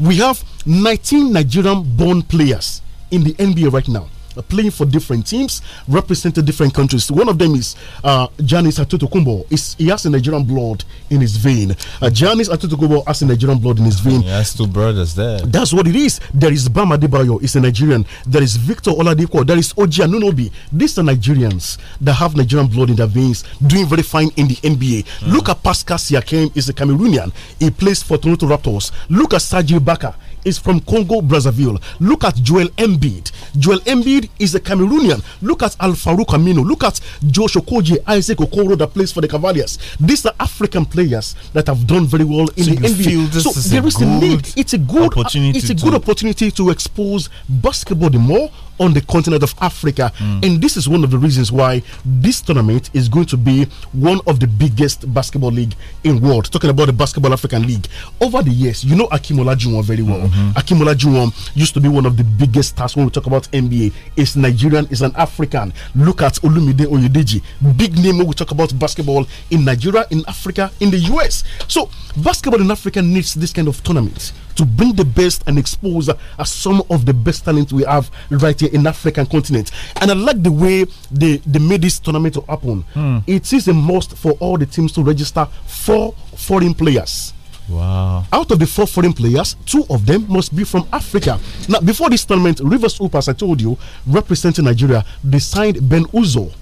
We have 19 Nigerian born players in the NBA right now playing for different teams, represented different countries. One of them is uh, Janice Atutokumbo. he has a Nigerian blood in his vein. Uh, Janice Atutokumbo has a Nigerian blood in his vein. He has two brothers there. That's what it is. There is Bama Debayo, is a Nigerian. There is Victor Oladipo. There is Oji Anunobi. These are Nigerians that have Nigerian blood in their veins, doing very fine in the NBA. Mm. Look at Pascal Siakam, is a Cameroonian. He plays for Toronto Raptors. Look at Sergio Baka is from Congo Brazzaville. Look at Joel Embiid. Joel Embiid is a Cameroonian. Look at Al Farouk Amino. Look at Josh Okoji, Isaac Okoro that plays for the Cavaliers. These are African players that have done very well in so the NBA. so is there is a need. It's a good uh, opportunity. It's a good to opportunity to expose basketball the more on the continent of Africa. Mm. And this is one of the reasons why this tournament is going to be one of the biggest basketball league in world. Talking about the Basketball African League. Over the years, you know Akim Olajuwon very well. Mm. -hmm. Akimola Juwon used to be one of the biggest stars when we talk about NBA. Is Nigerian, is an African. Look at Olumide Oyedeji, big name when we talk about basketball in Nigeria, in Africa, in the US. So basketball in Africa needs this kind of tournament to bring the best and expose uh, some of the best talent we have right here in African continent. And I like the way they, they made this tournament to happen. Mm. It is a must for all the teams to register four foreign players Wow. Out of the four foreign players, two of them must be from Africa. Now, before this tournament, Rivers Hoop, as I told you, representing Nigeria, they signed Ben Uzo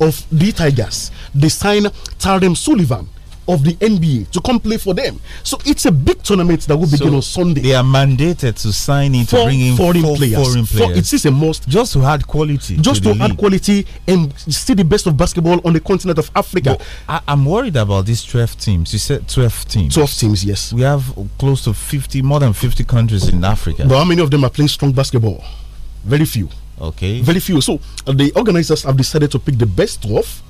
of the Tigers. They signed Tarem Sullivan of the NBA to come play for them. So it's a big tournament that will so on Sunday. They are mandated to sign in to bring in foreign, players. Foreign players. For, it is a must. Just to add quality. Just to, to add league. quality and see the best of basketball on the continent of Africa. I, am worried about these 12 teams. You said 12 teams. 12 teams, yes. We have close to 50, more than 50 countries in Africa. But how many of them are playing strong basketball? Very few. Okay. Very few. So uh, the organizers have decided to pick the best of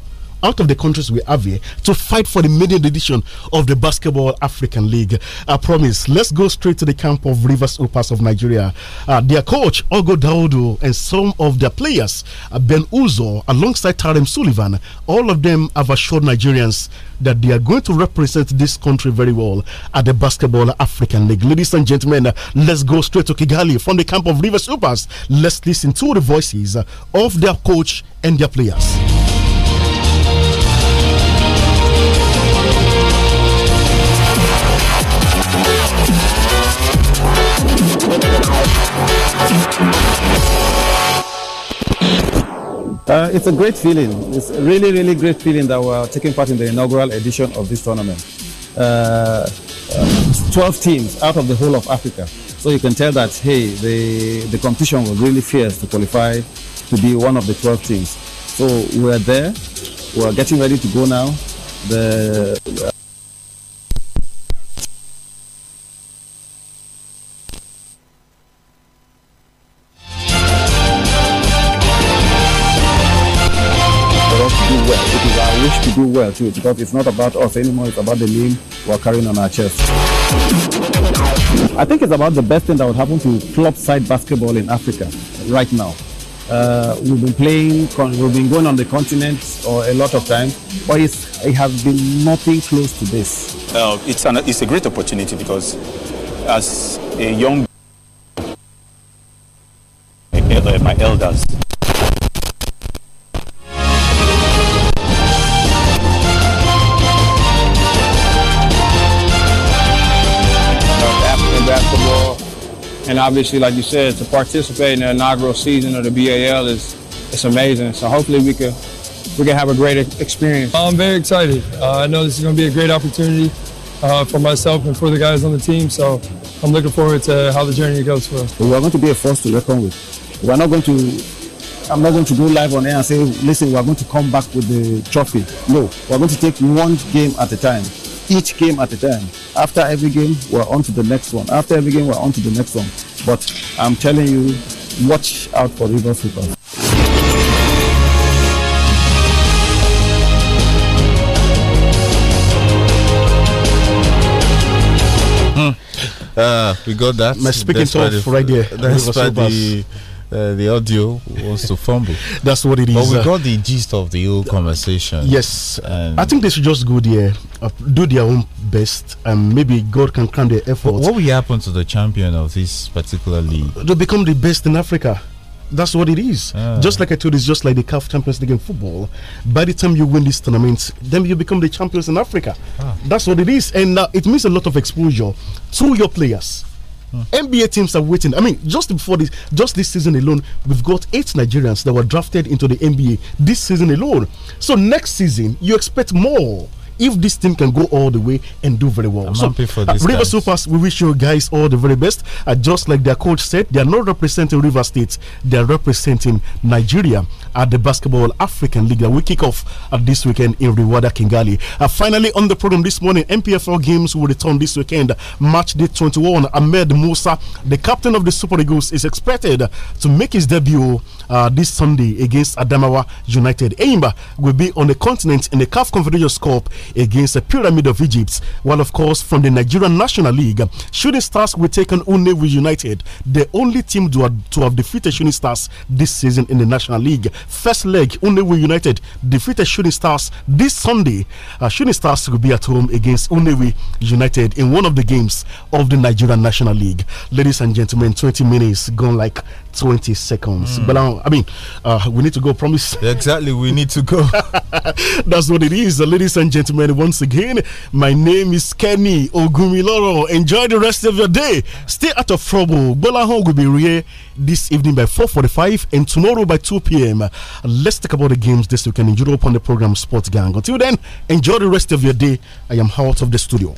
out of the countries we have here to fight for the maiden edition of the Basketball African League. I promise. Let's go straight to the camp of Rivers Upas of Nigeria. Uh, their coach, Ogo Daudu, and some of their players, uh, Ben Uzo, alongside Tarem Sullivan, all of them have assured Nigerians that they are going to represent this country very well at the Basketball African League. Ladies and gentlemen, uh, let's go straight to Kigali from the camp of Rivers Upas. Let's listen to the voices uh, of their coach and their players. Uh, it's a great feeling. It's a really, really great feeling that we're taking part in the inaugural edition of this tournament. Uh, uh, 12 teams out of the whole of Africa. So you can tell that, hey, the, the competition was really fierce to qualify to be one of the 12 teams. So we're there. We're getting ready to go now. The do well too because it's not about us anymore, it's about the name we're carrying on our chest. I think it's about the best thing that would happen to club side basketball in Africa right now. Uh, we've been playing, we've been going on the continent or a lot of time, but it has been nothing close to this. Uh, it's, an, it's a great opportunity because as a young obviously, like you said, to participate in the inaugural season of the BAL is it's amazing. So hopefully we can we can have a great experience. I'm very excited. Uh, I know this is going to be a great opportunity uh, for myself and for the guys on the team. So I'm looking forward to how the journey goes for us. We are going to be a force to reckon with. We're not going to. I'm not going to go live on air and say, listen, we're going to come back with the trophy. No, we're going to take one game at a time each game at a time. After every game, we're on to the next one. After every game, we're on to the next one. But I'm telling you, watch out for river Super. Hmm. Uh, we got that. My speaking tough right there. That's by the uh, the audio wants to fumble. That's what it is. But we uh, got the gist of the whole conversation. Yes, I think they should just go there, uh, do their own best, and maybe God can cram their efforts. What will happen to the champion of this particular league? They become the best in Africa. That's what it is. Ah. Just like I told, it's just like the CAF Champions League in football. By the time you win this tournament, then you become the champions in Africa. Ah. That's what it is, and uh, it means a lot of exposure to your players NBA teams are waiting. I mean, just before this, just this season alone, we've got eight Nigerians that were drafted into the NBA this season alone. So next season, you expect more if this team can go all the way and do very well. I'm so, happy for this. Uh, River Supers, we wish you guys all the very best. Uh, just like their coach said, they are not representing River State, they are representing Nigeria at the Basketball African League that will kick off at this weekend in Rwanda, Kingali. Uh, finally, on the program this morning, MPFL games will return this weekend. Match day 21, Ahmed Musa, the captain of the Super Eagles, is expected to make his debut uh, this Sunday against Adamawa United. Aimba will be on the continent in the CAF Confederation Cup against the Pyramid of Egypt, while, of course, from the Nigerian National League, Shooting Stars will take on Unewu United, the only team to have, to have defeated Shooting Stars this season in the National League. First leg, Unewu United defeated Shooting Stars this Sunday. Uh, Shooting Stars will be at home against Unewu United in one of the games of the Nigerian National League. Ladies and gentlemen, 20 minutes gone like 20 seconds. Mm. But I mean, uh, we need to go, promise. Exactly, we need to go. That's what it is, ladies and gentlemen. Once again, my name is Kenny Ogumiloro. Enjoy the rest of your day. Stay out of trouble. Bolahong will be here this evening by 4.45 and tomorrow by 2 p.m. Let's talk about the games this weekend in Europe on the program Sports Gang. Until then, enjoy the rest of your day. I am out of the studio.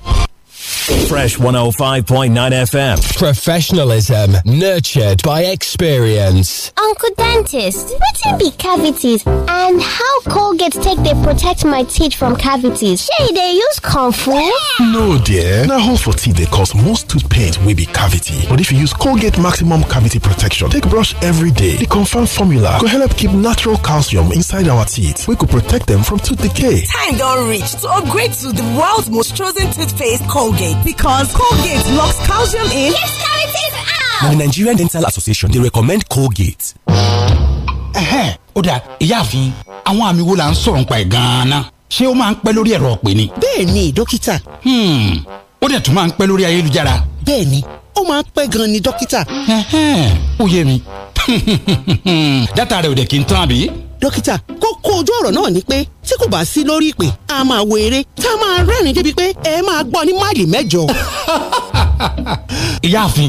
Fresh 105.9 FM. Professionalism nurtured by experience. Uncle Dentist, what be cavities and how Colgate take they protect my teeth from cavities? Say they use Kung Fu? No, dear. Now, hold for teeth they cause most tooth pain will be cavity. But if you use Colgate Maximum Cavity Protection, take brush every day. The confirmed formula could help keep natural calcium inside our teeth. We could protect them from tooth decay. Time don't reach to upgrade to the world's most chosen toothpaste, Colgate. Colgate because Colgate locks calcium in. Yes, cavities out! the Nigerian Dental Association, they recommend Colgate. Ẹ̀hẹ́n, ó dáa, ìyáàfin, àwọn àmì wo la ń sọ̀rọ̀ nípa ẹ̀ gan-an? Ṣé ó máa ń pẹ́ lórí ẹ̀rọ ọ̀pẹ ni? Bẹ́ẹ̀ni, dókítà. Hmm, ó dẹ̀ tún máa ń pẹ́ lórí ayélujára. Bẹ́ẹ̀ni, ó máa ń pẹ́ gan-an ni dókítà. Ẹ̀hẹ́n, ó yé mi dátà rẹ̀ ò dẹ̀ kí n tán àbí. dókítà kókó ojú ọ̀rọ̀ náà ni pé tí kò bá sí lórí ìpè a máa wo eré tá a máa rẹ́rìn-ín débi pé ẹ máa gbọ́ ní máìlì mẹ́jọ. ìyáàfin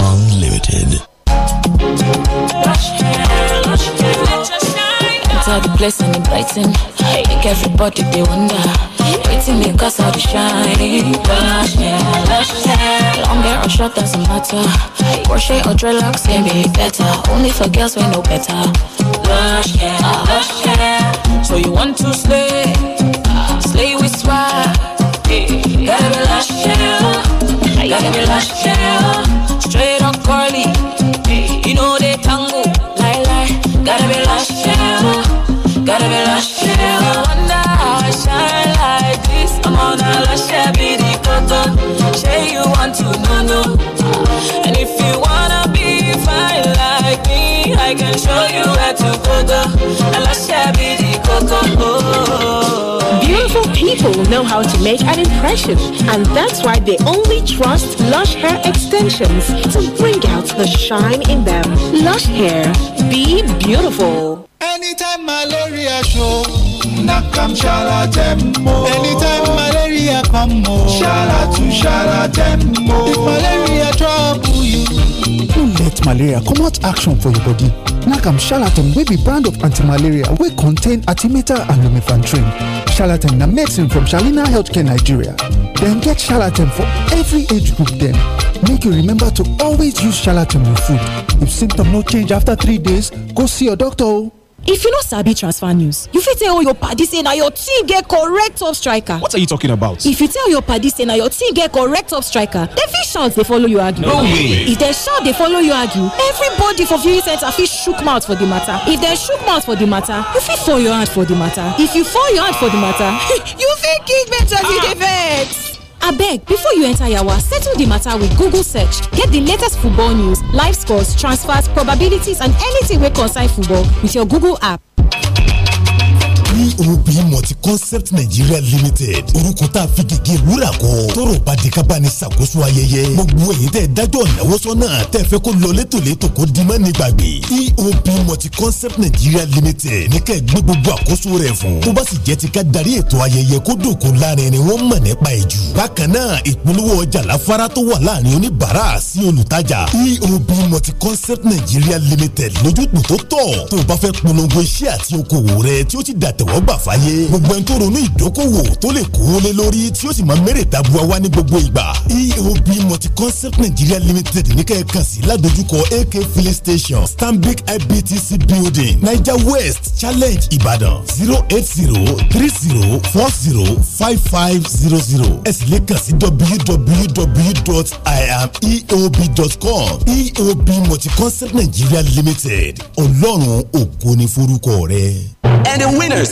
Unlimited. It's the and Make everybody wonder. Waiting cause the Lush hair, lush hair. Long hair doesn't matter. or can be better. Only for girls we know better. Lush hair, lush hair. So you want to slay? Slay with swag. Gotta be lush hair. Got me lash, yeah, straight on curly. You know they tango, lie lie. Gotta be lash, yeah, gotta be lash, yeah. I wonder shine like this. I'm on a lash, yeah, be the Say you want to know, And if you wanna be fine like me, I can show you how to go, A lash, yeah, be the Wonderful people know how to make an impression, and that's why they only trust Lush Hair Extensions to bring out the shine in them. Lush Hair, be beautiful. Anytime malaria show, knock am shala tempo. Oh. Anytime malaria come, oh. shala to shala tempo. Oh. If malaria try fight malaria comot action for your body. nakam charlatan wey be brand of anti-malaria wey contain artimata and lumefantrine. charlatan na medicine from shalina healthcare nigeria. dem get charlatan for every age group dem make you remember to always use charlatan with food if symptoms no change after three days go see your doctor o. Oh. if you no sabi transfer news you fit tell all your padi say na your team get correct top striker what are you talking about if you tell your padi say na your team get correct top striker dem fit shout dey follow you argue no way if dem shout dey follow you argue everybody for viewing centre fit shook mouth for di matter if dem shook mouth for di matter you fit fall your hand for di matter if you fall your hand for di matter you fit kick bench as you the vex ah abeg before you enter yawa settle the matter with google search get the latest football news live scores transfers probabilities and anything wey concern football with your google app. eop multi-concept nigeria limited orúkọ tá a fi gègé wúrà kọ tọrọ bá di ká bá ní ṣàkóso ayẹyẹ gbogbo èyí tẹ́ dájọ́ ìnáwó sọ́nà tẹ́ fẹ́ kó lọ létòlétò kó di má ní gbàgbé eop multi-concept nigeria limited ní ká ẹ gbé gbogbo àkóso rẹ̀ fún tó bá sì jẹ́ ti ká darí ètò ayẹyẹ kó dòkó láàrin ni wọ́n mọ̀ nípa ẹ̀ jù bákan náà ìpolówó ọjà láfárá tó wà láàrin oníbàárà sí olùtajà eob multi-concept nigeria limited lójútùú tó tọ́ tó o bá fẹ́ polongo iṣẹ́ àti okòwò rẹ tí ó ti dàtẹ̀wọ́ tẹ́wọ́gbà fáyé gbogbo ẹni tó ronú ìdókòwò tó lè kó lé lórí tí ó sì máa mẹ́rẹ̀ tabuwa wá ní gbogbo ìgbà eob multi-concept nigeria limited níkẹ́ kan sí ládojúkọ ak filling station stanbic ibtc building naija west challenge ìbàdàn zero eight zero three zero four zero five five zero zero ẹ sì lè kàn sí www.iameob.com eob multi-concept nigeria limited ọlọ́run ògo ni forúkọ rẹ. and the winners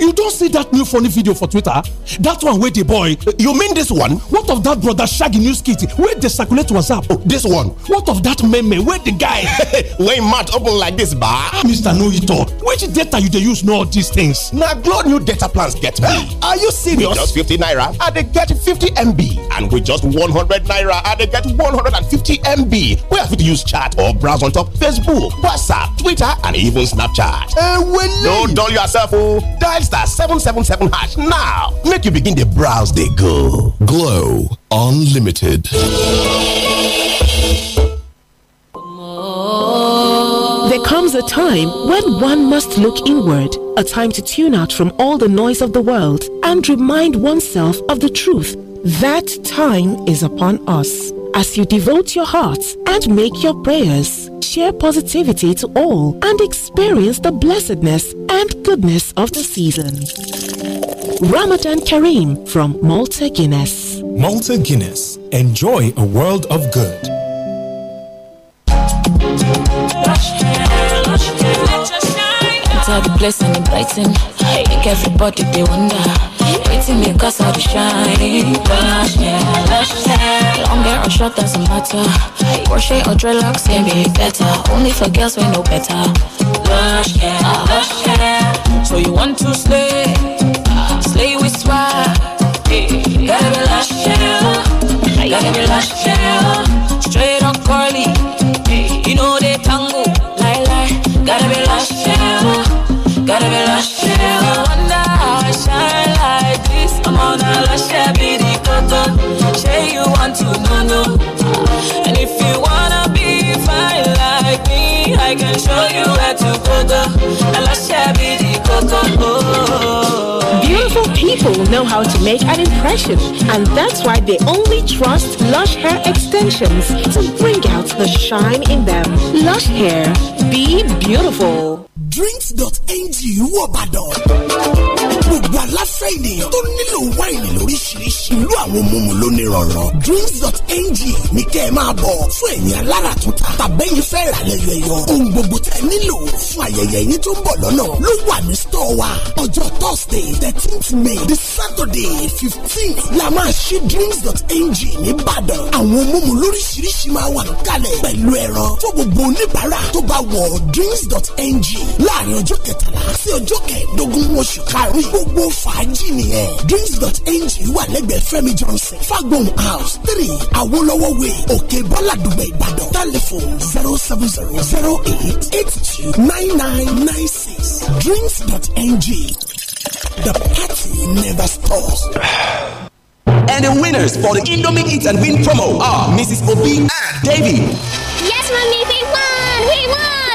you don't see that new funny video for twitter that one with the boy you mean this one what of that brother shaggy news kit where dey circulate whatsapp oh this one what of that meme where the guy Where mouth open like this ba. Ah, mr noito which data you dey use know all these things. na glow new data plans get me. are you serious. with just fifty naira i they get fifty mb and with just one hundred naira i they get one hundred and fifty mb Where have you use chat or browse on top facebook whatsapp twitter and even snapchat. do no dull yourself o. Oh. dial star 777 hash now make you begin the browse they go. Glow Unlimited. There comes a time when one must look inward, a time to tune out from all the noise of the world and remind oneself of the truth. That time is upon us as you devote your hearts and make your prayers. Share positivity to all and experience the blessedness and goodness of the season. Ramadan Kareem from Malta Guinness. Malta Guinness. Enjoy a world of good. It's all the blessing and brighten. Make everybody wonder pity me cause I just shine Lush, yeah, lush, yeah Long hair or short doesn't matter Crochet or dreadlocks can be better Only for girls we know better Lush, yeah, lush, yeah So you want to slay uh, Slay with swag Gotta be lush, yeah Gotta be lush, yeah Straight or curly You know they tango Lie, lie Gotta be lush, yeah Gotta be lush, yeah Say you want to no. And if you wanna be fine like me, I can show you where to go, go. And let's the coco. Oh. Beautiful people know how to make an impression, and that's why they only trust Lush Hair Extensions to bring out the shine in them. Lush Hair, be beautiful. Drinks.ng, Wabadan. gbogbo aláfẹ́ ènìyàn tó nílò wáìnì lóríṣiríṣi ìlú àwọn mímu ló ní rọ̀rọ̀ dreams.ng ní kẹ́ ẹ máa bọ̀ fún ẹ̀yin alára tuntun tàbẹ́yìn fẹ́ rà lẹ́yọyọ ohun gbogbo tẹ́ nílò fún ayẹyẹ yín tó ń bọ̀ lọ́nà ló wà ní stọ́ọ̀ wa ọjọ́ thursday thirteenth may the saturday fifteenth la máa ṣí dreams.ng nìbàdàn àwọn mímu lóríṣiríṣi máa wà kálẹ̀ pẹ̀lú ẹran fún gbogbo oníbàárà tó bá wọ dreams.ng láàrin ọjọ́ kẹtàlá sí ọjọ́ kẹẹ̀ẹ́dógún oṣù karùn-ún gbogbo fàájì nìyẹn drinks.ng wà lẹ́gbẹ̀ẹ́ Fẹ́mi Johnson fagbon house three Awolowo way òkè bọ́lá dùgbẹ̀ Ìbàdàn telephone zero seven zero zero eight eight two nine nine nine six ng. the party never stops. And the winners for the Indomie Eat and Win promo are Mrs. Obi and Davy. Yes, mommy, we won! We won!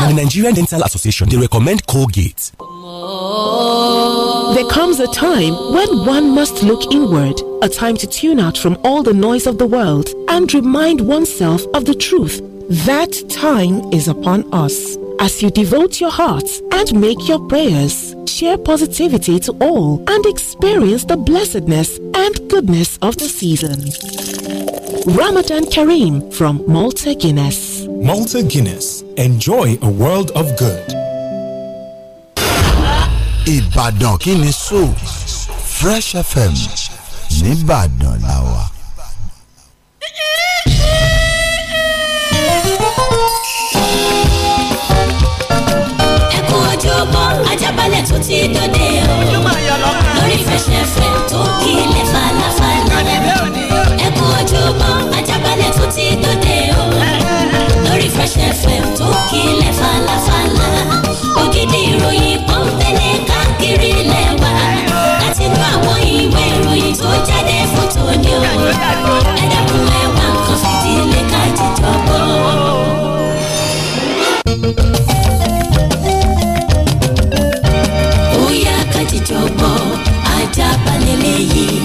Now, the Nigerian Dental Association, they recommend Colgate. There comes a time when one must look inward, a time to tune out from all the noise of the world and remind oneself of the truth. That time is upon us. As you devote your hearts and make your prayers, share positivity to all and experience the blessedness and goodness of the season. Ramadan Kareem from Malta Guinness. Malta Guinness. Enjoy a world of good. Ìbàdàn kí ni so Fresh FM nìbàdàn la wà. Ẹkún ojúbọ Ajábalẹ̀ tó ti dòde o lórí Fresh FM tó kílẹ̀ falafala ẹkún ojúbọ. Fresh FM tó kílẹ̀ falafala ògidì ìròyìn kan fẹlẹ̀ káàkiri lẹ́wà láti inú àwọn ìwé ìròyìn tó jáde fún tòní o ẹ dẹ́kun ẹwà nǹkan fìdílé ká jíjọ gbọ́. ó yá ajá balẹ̀ lẹ́yìn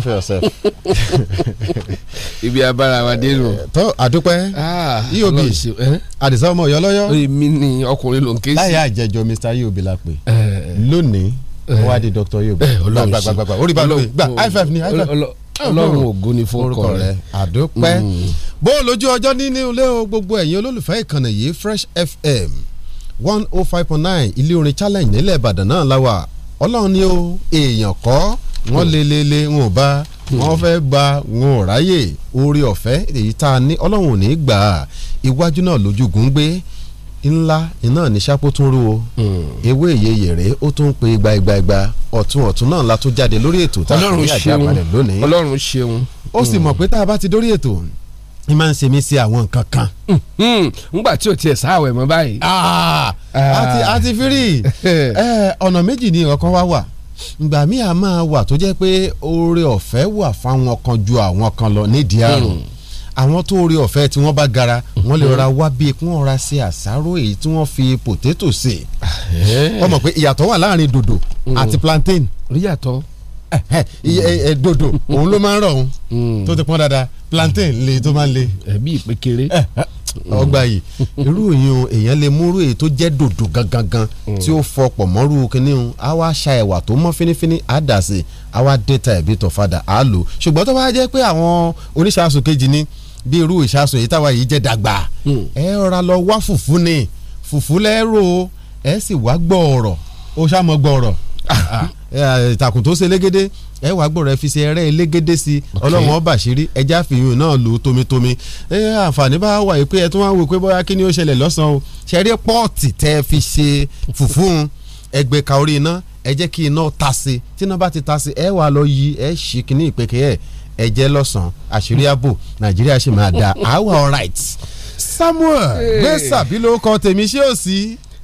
Laugh yourself. ibi abára wa dé nù. Eh, tó àdúpẹ́ ah, eob eh? àdìsá ọmọ ọ̀yọ́ lọ́yọ́. èmi ni ọkùnrin ló ń ké sí. láyé àjẹjọ mr eob la pè eh, lónìí wọ́n á di dr eob. ọlọ́run ṣe orí bá lóye gba high five ni high five. ọlọ́run ògo ni fún ọkọ rẹ. àdúpẹ́ mm. bó lójú ọjọ́ nínú ilé o gbogbo ẹ̀yin olólùfẹ́ ìkànnì yìí fresh fm one oh five point nine ilé orin challenge nílẹ̀ ìbàdàn náà la wà ọlọ́run ni o èèyàn kọ́ wọ́n lelele le ò bá wọ́n fẹ́ gba wọn ò ráyè oore ọ̀fẹ́ èyí tá a ní ọlọ́run ò ní gbà á iwájú náà lójúgùn gbé ńlá iná ní sápó tún rú o hmm. ewé ìyeyè rèé ó tún ń pe igba igba igba ọ̀tún ọ̀tún náà la tún jáde lórí ètò tá a ní àjàbalẹ̀ lónìí ọlọ́run ṣeun ó sì mọ̀ pé tá a bá ti dórí ètò ní máa ń ṣe mí sí àwọn nǹkan kan. ngbà hmm. tí o tiẹ̀ sáwẹ̀ mọ́ báyìí. àti àti fírì ọ̀nà méjì ni ọ̀kan wá wà ìgbà míì a máa wà tó jẹ́ pé oore ọ̀fẹ́ wà fáwọn kan ju àwọn kan lọ nídìí àrùn hmm. àwọn tó oore ọ̀fẹ́ tí wọ́n bá gara wọ́n lè hmm. ra wá bíi kí wọ́n ra ṣe àṣàrò èyí tí wọ́n fi pòtétò ṣe ọmọ pé ìyàtọ̀ wà láàrin dòdò hmm. àti plantain. rí yàtọ̀ dodo òun ló máa ń rọ̀ òun tó ti pọ́n dáadáa plantain le tó máa ń le. ẹ̀bí ìpékeré ọgbà yìí irú yìí èèyàn lè múrú èyí tó jẹ́ dòdò gangan gan tí ó fọpọ̀ mọ́rú kínní o á wá ṣa ẹ̀wà tó mọ́ fínífíní á dà sí i á wá dẹ́ta ẹ̀bí tó fadà á lò ṣùgbọ́n tó bá jẹ́ pé àwọn oníṣàásùn kejì ni bí irú ìṣàásùn èyí táwa yìí jẹ́ dàgbà ẹ rọra lọ wá fùfú ni fùfú lẹ́rọ ẹ sì wá gbọ́ ọ̀rọ̀ ó ṣàmọ́ gbọ́ ọ̀rọ̀ ìtàkùn tó ṣe légede ẹ wàá gbọ́dọ̀ ẹ fi ṣe ẹrẹ́ elégede sí ọlọ́run ọba àṣírí ẹja fìyún náà lò tómitómi àǹfààní bá wà pé ẹ tún wá wò pé bóyá kí ni ó ṣẹlẹ̀ lọ́sàn-án o ṣẹ̀rí pọ́ọ̀tì tẹ́ fi ṣe fùfún ẹgbẹ́ ka orí iná ẹ jẹ́ kí iná ta sí tí iná bá ti ta sí ẹ wà lọ yí ẹ ṣì kíní ìpèkè ẹ ẹ jẹ́ lọ́sàn àṣírí ààbò nàìjíríà ṣì máa da àwa all right Samuel gbèsàbí ló kọ tèmi ṣé ò sí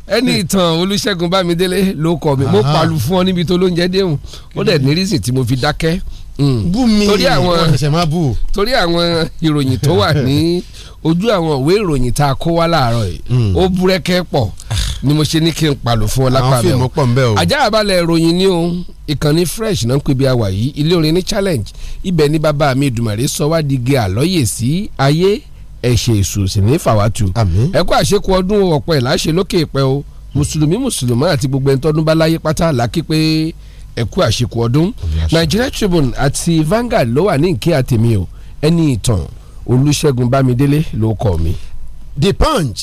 ẹni ìtàn olùṣègùn bámidélé ló kọ mi mo palu fún ọ níbi tó lóúnjẹ déhùn ó dẹ̀ ní rísì tí mo fi dákẹ́. Hmm. bú mi torí àwọn ẹsẹ̀ máa bú. torí àwọn ìròyìn tó wà ní ojú àwọn òwe ìròyìn tá a kó wá láàárọ̀ yìí hmm. ó búrẹ́kẹ́ pọ̀ ni mo ṣe ní kí n palu fún ọ lápá mi o ajá àbálẹ̀ ìròyìn ni o ìkànnì fresh náà ń pè bí a wà yìí ilé orin ní challenge ibẹ̀ ni bàbá mi Èdùmàrè sọ wá di àlọ́yè sí ayé ẹ ṣe èṣù sì ní fàwátù ẹ kó àṣekù ọdún ọ̀pẹ láṣẹ lókè ìpẹ́ o mùsùlùmí mùsùlùmá àti gbogbo ẹni tọ́dún bá láyé pátá làákí pé ẹ kú àṣekù ọdún Nigeria Tribune àti Vanguard ló wà ní ìkí àtẹ̀mí o ẹni ìtàn Olúṣẹ́gun Bámidélé ló kọ mi. The Punch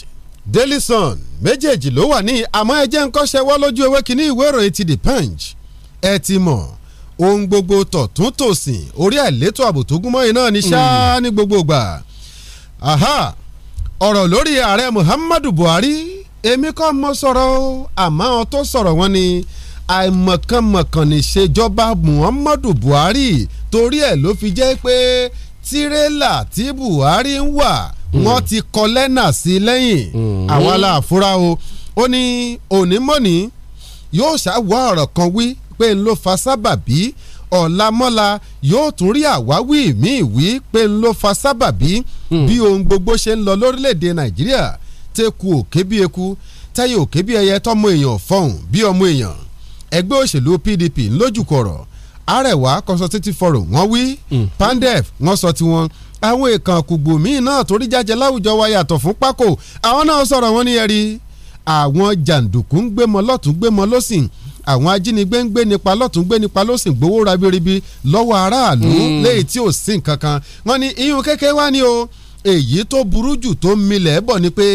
Daily Sun méjèèjì ló wà ní àmọ́ ẹ jẹ́ ń kọ́ṣẹ́ wọ́ lójú ewé kínní ìwé ìròyìn ti The Punch ẹ ti mọ̀ ohun gbogbo tọ̀tún tòsìn orí àìlétò ààbò tó gúnmọ́ iná ní hmm. ní gbogbo gbà. Mm aha ọ̀rọ̀ lórí ààrẹ Muhammadu Buhari èmi kọ́ mọ sọ̀rọ̀ o àmọ́ àwọn tó sọ̀rọ̀ wọn ni àìmọ̀kànmọ̀kàn níṣèjọba Muhammadu Buhari torí ẹ̀ ló fi jẹ́ pé tirẹ́là tí Buhari ń wà hmm. wọ́n ti kọ lẹ́nà sí lẹ́yìn hmm. àwa la o ó ní onímọ̀ni yóò ṣàwọ̀ ọ̀rọ̀ kan wí pé ń ló fa sábàbí ọ̀làmọ́la yóò tún rí àwáwí míì wí pé ń ló fa sábàbí hmm. bí ohun gbogbo ṣe ń lọ lórílẹ̀‐èdè nàìjíríà tẹ́kù òkè bí eku táyé òkè bí ẹyẹ tọ́mọ èèyàn fọ̀hún bí ọmọ èèyàn ẹgbẹ́ òṣèlú pdp ńlójúkọ̀rọ̀ arẹwà consultative forum wọ́n wí hmm. pandef wọ́n sọ tiwọn àwọn èèkàn kùgbù míì náà torí jájẹ láwùjọ wa yàtọ̀ fún pákó àwọn náà sọ̀rọ̀ wọn ní ẹ̀rí àwọn jàǹdùkú ń gbé mọ́ lọ́tún gbé mọ́ lọ́sìn àwọn ajínigbé ń gbé nípa lọ́tún gbé nípa ló sì ń gbowó rabiribi lọ́wọ́ aráàlú hmm. léyìí tí ò sí nǹkan kan wọ́n ní iyún kékeré wá ní o èyí tó burú jù tó milẹ̀ bọ̀ ni pé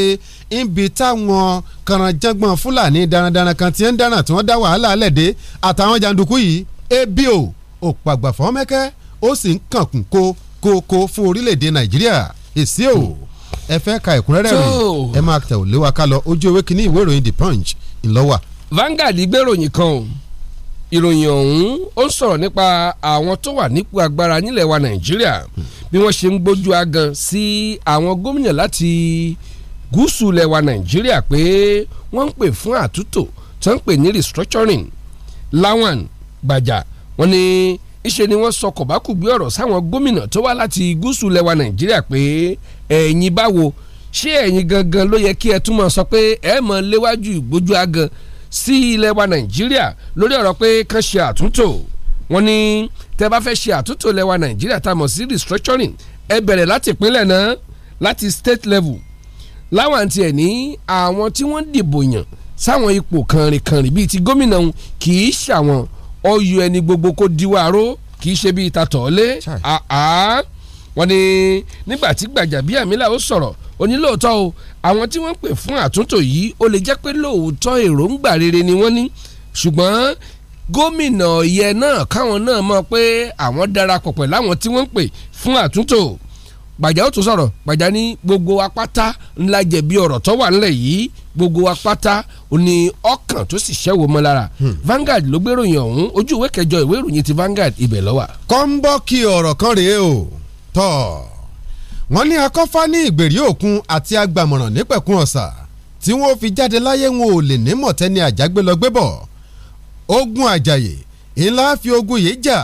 ibi táwọn kànáńjàngbọ̀n fúlàní darandaran kan ti ń dáràn tí wọ́n dá wàhálà lẹ́dẹ́ àtàwọn jàǹdùkú yìí ebi o ò pàgbà fọ́n mẹ́kẹ́ ó sì ń kànkùn kó kókó fún orílẹ̀-èdè nàìjíríà èsì o ẹ fẹ́ ka ẹ̀kúnrẹ́rẹ́ rìn ẹ máa tẹ̀ ò léwa ká lọ ojú ewé kínní ìwé ìròyìn The Punch ńlọ́wà Vanguard gbèròyìn kan o ìròyìn ọ̀hún ó ń sọ̀rọ̀ nípa àwọn tó wà nípò agbára nílẹ̀ wa Nàìjíríà bí wọ́n ṣe ń gbójú agan sí àwọn gómìnà láti gúúsù ilẹ̀ wa Nàìjíríà pé wọ́n ń pè fún àtúntò tó ń pè ní restructuring Lawan Gbàjà wọ́n ní ìṣe ni wọ́n sọ kọ̀bákùgbé ọ̀rọ̀ sáwọn gómìnà tó wá láti gúúsù ilẹ̀ wa Nàìjíríà pé ẹ̀yin báwo ṣé ẹ̀yin gangan ló yẹ kí ẹ túmọ̀ sọ pé ẹ mọ̀ léwájú ìgbójú agan sí ilẹ̀ wa nàìjíríà lórí ọ̀rọ̀ pé kán ṣe àtúntò wọ́n ní tẹ́ bá fẹ́ ṣe àtúntò ilẹ̀ wa nàìjíríà tá a mọ̀ sí restructuring ẹ bẹ̀rẹ̀ láti ìpínlẹ̀ náà láti state level láwọn àti ẹ̀ ní àwọn tí wọ́n dìbò yàn sáwọn ipò kànrìnkànrìn bíi ti gómìnà òun kì í ṣàwọn ọyọ ẹni gbogbo kó diwa aró kì í ṣe bíi tatọ̀ọ́lé àá wọ́n ni nígbà tí Gbajabiamila ó sọ̀rọ̀ ó ní lóòótọ́ o àwọn tí wọ́n ń pè fún àtúntò yìí ó lè jẹ́ pé lóòótọ́ èròǹgbà rere ni wọ́n ní ṣùgbọ́n gómìnà ọ̀yẹ́ náà káwọn náà mọ̀ pé àwọn darapọ̀ pẹ̀lú àwọn tí wọ́n ń pè fún àtúntò gbàjà ó tún sọ̀rọ̀ gbàjà ní gbogbo apáta ńlá jẹ̀bi ọ̀rọ̀ tó wà ńlẹ̀ yìí gbogbo apáta ní ọkàn tó sì ṣẹ́wó mọ́ lára hmm. Vanguard ló gbéròyìn ọ̀hún ojú ìwé kẹjọ ìwé ìròyìn ti Vanguard ibẹ̀ ló wà. kọ́ńbọ́ọ̀kì ọ̀rọ̀ kan rèé o tọ́ wọ́n ní akọ́fà ní ìgbèrí òkun àti agbàmọ̀ràn nípẹ̀kun ọ̀sà tí wọ́n fi jáde láyé wọn ò lè ní mọ̀tẹ́ni àjágbé lọ gbé bọ̀ ogun àjàyè ńlá fi ogun yìí jà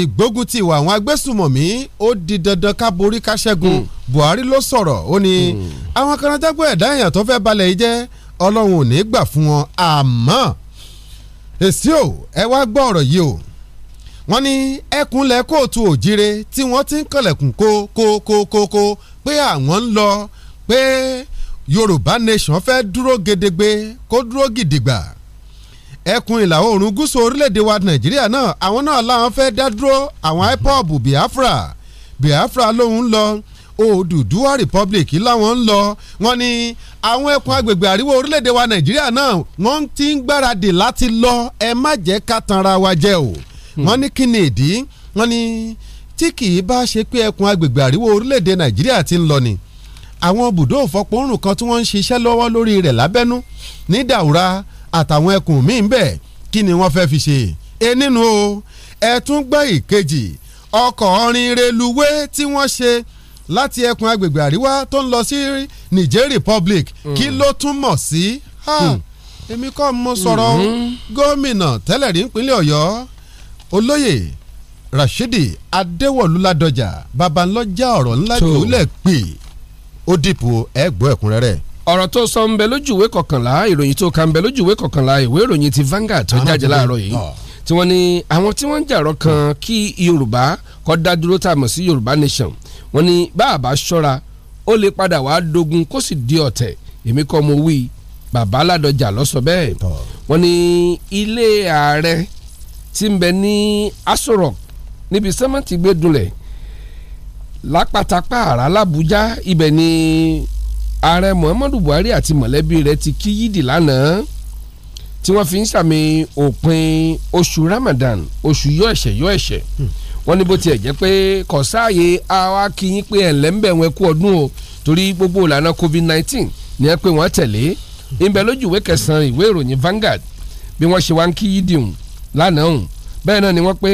ìgbógun ti ìwà àwọn agbésùmọ̀mí ó di dandan ká borí ká ṣẹ́gun hmm. Buhari ló sọ̀rọ̀ ó ní hmm. àwọn kanadágbó ẹ̀dá èèyàn tó fẹ́ balẹ̀ yìí jẹ́ Ọlọ́run ò ní gbà fún wọn àmọ́ èsì ò ẹ wá gbọ́ ọ̀rọ̀ yìí o wọ́n ní ẹkùnlẹ̀ kóòtù òjire tí wọ́n ti ń kànlẹ̀kùn kó kó kó kó kó pé àwọn ń lọ pé yorùbá nation fẹ́ dúró gedegbe kó dúró gidigba ẹkùn ìlà oòrùn gúúsù orílẹ̀-èdè wa nàìjíríà náà àwọn náà làwọn fẹ́ dá dúró àwọn ipob biafra biafra lòun lọ Oòduà Republic láwọn ń lọ wọ́n ní àwọn ẹkùn agbègbè àríwá orílẹ̀-èdè wa nàìjíríà náà wọ́n ti ń gbáradì láti lọ ẹ má jẹ́ ká tanra wa jẹ o wọ́n ní kí ni ìdí wọ́n ní tí kì í bá ṣe pé ẹkùn agbègbè àríwó orílẹ̀-èdè nàìjíríà ti ń lọ ni àwọn bùdó òfọpọ̀rùn kan tí wọ́n ń ṣiṣẹ́ lọ́wọ́ lórí rẹ̀ lábẹ́nú ní dàwúrà àtàwọn ẹkùn míì bẹ́ẹ̀ kí ni wọ́n fẹ́ fi ṣe e nínú o ẹ tún gbọ́ ìkejì ọkọ̀ orin reluwé tí wọ́n ṣe láti ẹkùn agbègbè àríwá tó ń lọ sí Niger Republic hmm. kí ló tún mọ̀ sí hmm. èmi kọ́ mo sọ̀rọ̀ hmm. gómìnà tẹ́lẹ̀ rí nípínlẹ̀ Ọ̀yọ́ olóyè Rashidi Adéwọ̀lú Ládọjà babalọ́jà ọ̀rọ̀ ńlá ìjòwúlẹ̀ pè ó dìpọ̀ ẹ̀ gbọ́ ẹ̀kúnrẹ́rẹ́ ọ̀rọ̀ tó sọ ń bẹ lójúwé kọkànlá ìròyìn tó kà ń bẹ lójúwé kọkànlá ìwé ìròyìn ti Vanguard tó jáde láàárọ̀ yìí tí wọ́n ní àwọn tí wọ́n ń jàrọ̀ kan kí Yorùbá kọ́ dá tá a mọ̀ sí Yorùbá nation wọ́n ní bá a bá ṣọ́ra ó lè padà wàá dogun kó sì di ọ̀tẹ̀ èmi kọ́ mo wí bàbá Ládọjà bẹ́ẹ̀ wọ́n ní ilé ààrẹ tí ń bẹ ní Aso Rock níbi sẹ́mẹ́ǹtì gbé dunlẹ̀ lápátápá làbújá ibẹ̀ ni ààrẹ Muhammadu Buhari àti mọ̀lẹ́bí rẹ̀ ti kí yídì lánàá tí wọ́n fi ń sàmì òpin oṣù Ramadan oṣù yọ ẹ̀ṣẹ̀ yọ ẹ̀ṣẹ̀ hmm. wọ́n ní bó tiẹ̀ jẹ́ pé kò sáàyè àwa kí yín pé ẹ̀lẹ́m̀bẹ̀ wọn kú ọdún o torí gbogbo ìlànà COVID-19 ni ẹ pé wọ́n tẹ̀lé ìbẹ̀ lójú ìwé kẹsàn-án ìwé ìròyìn Vanguard bí wọ́n ṣe wá ń kí yídì hùn lánàá òun bẹ́ẹ̀ náà ni wọ́n pé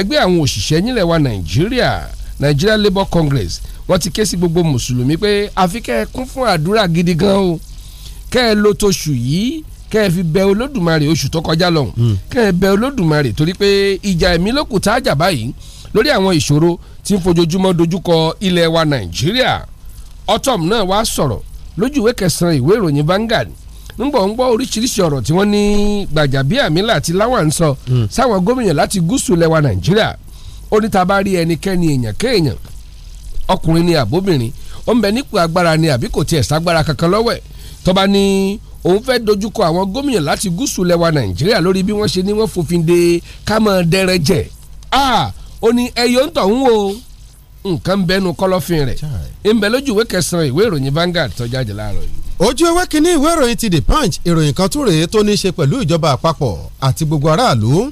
ẹgbẹ́ àwọn òṣìṣẹ́ nílẹ̀ wa nàìjíríà Nigeria Labour Congress wọ́n ti ké sí gbogbo mùsùlùmí pé àfi kẹ́ ẹ kún fún àdúrà gidi gan o kẹ́ ẹ lo tóṣù yìí kẹ́ ẹ fi bẹ olódùmarè oṣù tó kọjá lọ́hùn hmm. kẹ́ ẹ bẹ olódùmarè torí pé ìjà ẹ̀mí ló kù tá a jà báyìí lórí àwọn ìṣòro tí ń fojoojúmọ́ dojúkọ ilẹ̀ wa nàìjíríà autumn náà wá sọ̀rọ̀ lójú kẹsàn-án ìwé ìròyìn Vanguard ńgbọ̀ ń gbọ́ oríṣiríṣi ọ̀rọ̀ tí wọ́n ní Gbajabiamila àti Lawan ń sọ hmm. sáwọn gómìnà láti gúúsù lẹwa Nàìjíríà ó ní tá bá rí ẹnikẹ́ni èèyàn kéèyàn ọkùnrin ni àbóbìnrin ó ń bẹ nípò agbára ni àbí kò tiẹ̀ ságbára kankan lọ́wọ́ ẹ̀ tó bá ní òun fẹ́ dojúkọ àwọn gómìnà láti gúúsù lẹwa Nàìjíríà lórí bí wọ́n ṣe ní wọ́n fòfin de ká máa ah ó ní ẹyọ ń tọ̀hún o nǹkan ń bẹnu kọ̀lọ̀fín rẹ̀ ń bẹ lójú ìwé kẹsàn-án ìwé ìròyìn Vanguard tó jáde láàárọ̀ yìí ojú ewé kínní ìwé ìròyìn ti the punch ìròyìn kan tún rèé tó ní í ṣe pẹ̀lú ìjọba àpapọ̀ àti gbogbo aráàlú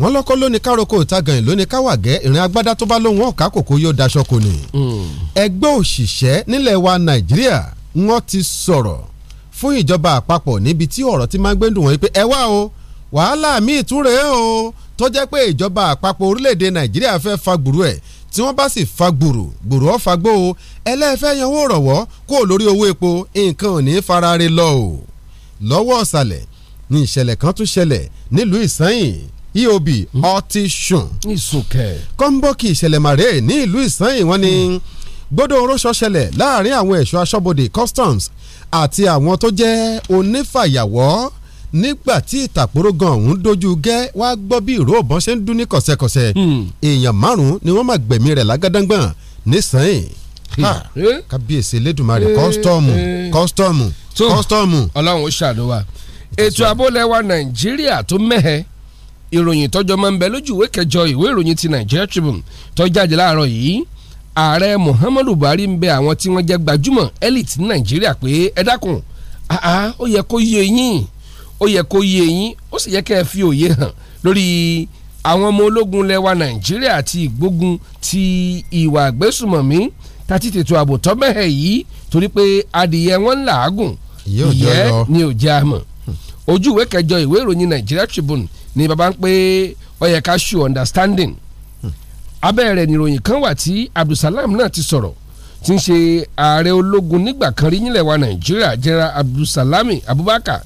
wọn lọ́kọ́ lóní károkò ìtagàn ìlóní káwàgẹ́ ìrìn agbádá tó bá lóun ọ̀ká kòkó yóò daṣọ kò ní. Hmm. ẹgbẹ́ òṣìṣẹ́ nílẹ̀ wa nàìjíríà wọ́n ti sọ̀rọ̀ fún ìjọba àpapọ̀ níbi tí ọ̀rọ̀ ti máa ń gbẹ́dùn wọ́n pé ẹ wá o wàhálà mi tún o tó jẹ́ pé ìjọba àpapọ̀ orílẹ̀-èdè nàìjíríà fẹ́ fagbùrú ẹ̀ tí wọ́n bá sì fa gbòòrò gbòòrò ọ̀fà gbó o ẹlẹ́fẹ́ yanwó rọ̀wọ́ kó lórí owó epo nǹkan ò ní farare lọ o lọ́wọ́ ọ̀sàlẹ̀ ni ìṣẹ̀lẹ̀ kan tún ṣẹlẹ̀ nílùú ìsanyìn eob ọtí sùn kọ́ńbọ́ọ̀kì ìṣẹ̀lẹ̀ màrè ní ìlú ìsanyìn wọ́n ní hmm. gbọ́dọ̀ oróṣọ ṣẹlẹ̀ láàrin àwọn ẹ̀ṣọ́ aṣọ́bodè customs àti àwọn tó jẹ́ onífàyàwọ́ nígbà tí ìtàkùrọ̀ gan ọ̀hún dojú gẹ́ wá gbọ́ bí ìró ọ̀bọ̀n ṣe ń dún ní kọ̀sẹ̀kọ̀sẹ̀ hmm. èèyàn márùn-ún ni wọ́n máa gbẹ̀mí rẹ̀ lágádágbọ̀n nísàn-ín kábíyèsí elédùnmarè kọ́sítọ́ọ̀mù kọ́sítọ́ọ̀mù kọ́sítọ́ọ̀mù. ọlọ́run ó ṣàdúrà ètò àbólẹ̀wà nàìjíríà tó mẹ́hẹ̀ẹ́ ìròyìn tọjọ máa ń bẹ lójú ìwé kẹjọ ìwé ìròyìn ti Nigeria Tribune tó jáde láàárọ̀ yìí ààrẹ Muhammadu Buhari ń bẹ àwọn tí wọ́n jẹ́ gbajúmọ̀ elite ní nàìjíríà pé ẹ dákun àá ó yẹ kó yé yín ó yẹ kó yé yín ó sì yẹ kẹ́ ẹ fi òye hàn lórí àwọn ọmọ ológun lẹwa nàìjíríà àti ìgbógun ti ìwà àgbésùmọ̀mí tàti tètò ààbò tọ́mẹ̀hẹ̀ yìí torí pé adìyẹ wọn làágùn ìyẹ́ ni ò jẹ́ àmọ̀ ojú ìwé kẹjọ ìwé ìròyìn Nigeria Tribune ni baba ń pè ó ká ṣù understanding abẹ́ rẹ̀ nìròyìn kan wà tí Abdulsalam náà ti sọ̀rọ̀ tí ń ṣe ààrẹ ológun nígbà kan rí nílẹ̀ wa Nàìjíríà jẹ́ra Abdulsalami Abubakar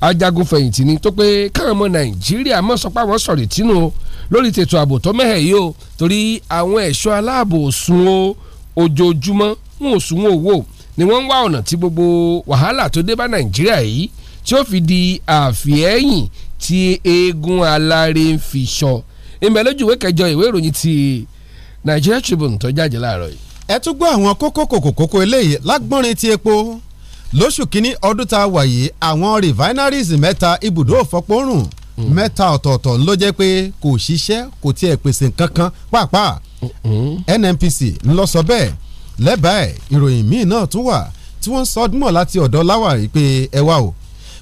ajagunfẹ̀yìntì ni tó pé káwọn ọmọ nàìjíríà mọ̀ sọ́pá wọn sọ̀rọ̀ tínú o lórí tètò ààbò tó mẹ́hẹ̀ yìí o torí àwọn ẹ̀ṣọ́ aláàbò sun o ojoojúmọ́ wọn ò sun wọn ni wọ́n ń wá ọ̀nà tí gbogbo wàhálà tó dé bá nàìjíríà yìí tí ó fi di àfihẹ́yìn tí eégún alárè ń fi sọ ìmọ̀ lójú ìwé kẹjọ ìwé ìròyìn ti Nigeria Tribune tó jáde láàárọ̀ yìí. ẹ tún gbọ́ àwọn kókó kòkòkò eléyìí lágbọ́nrin ti epo lóṣù kínní ọdún tá a wà yìí àwọn refineries mẹ́ta ibùdó òfọpọ́rùn mẹ́ta ọ̀tọ̀ọ̀tọ̀ ló jẹ́ pé kò ṣiṣẹ́ kò tiẹ̀ pèsè nǹkan kan pàápàá NNPC ló sọ bẹ́ẹ̀ lẹ́bàá ẹ̀ ìròyìn míì náà tún wà tí wọ́n sọ ọdún mọ̀ láti ọ̀dọ̀ láwà rí pé ẹ wá o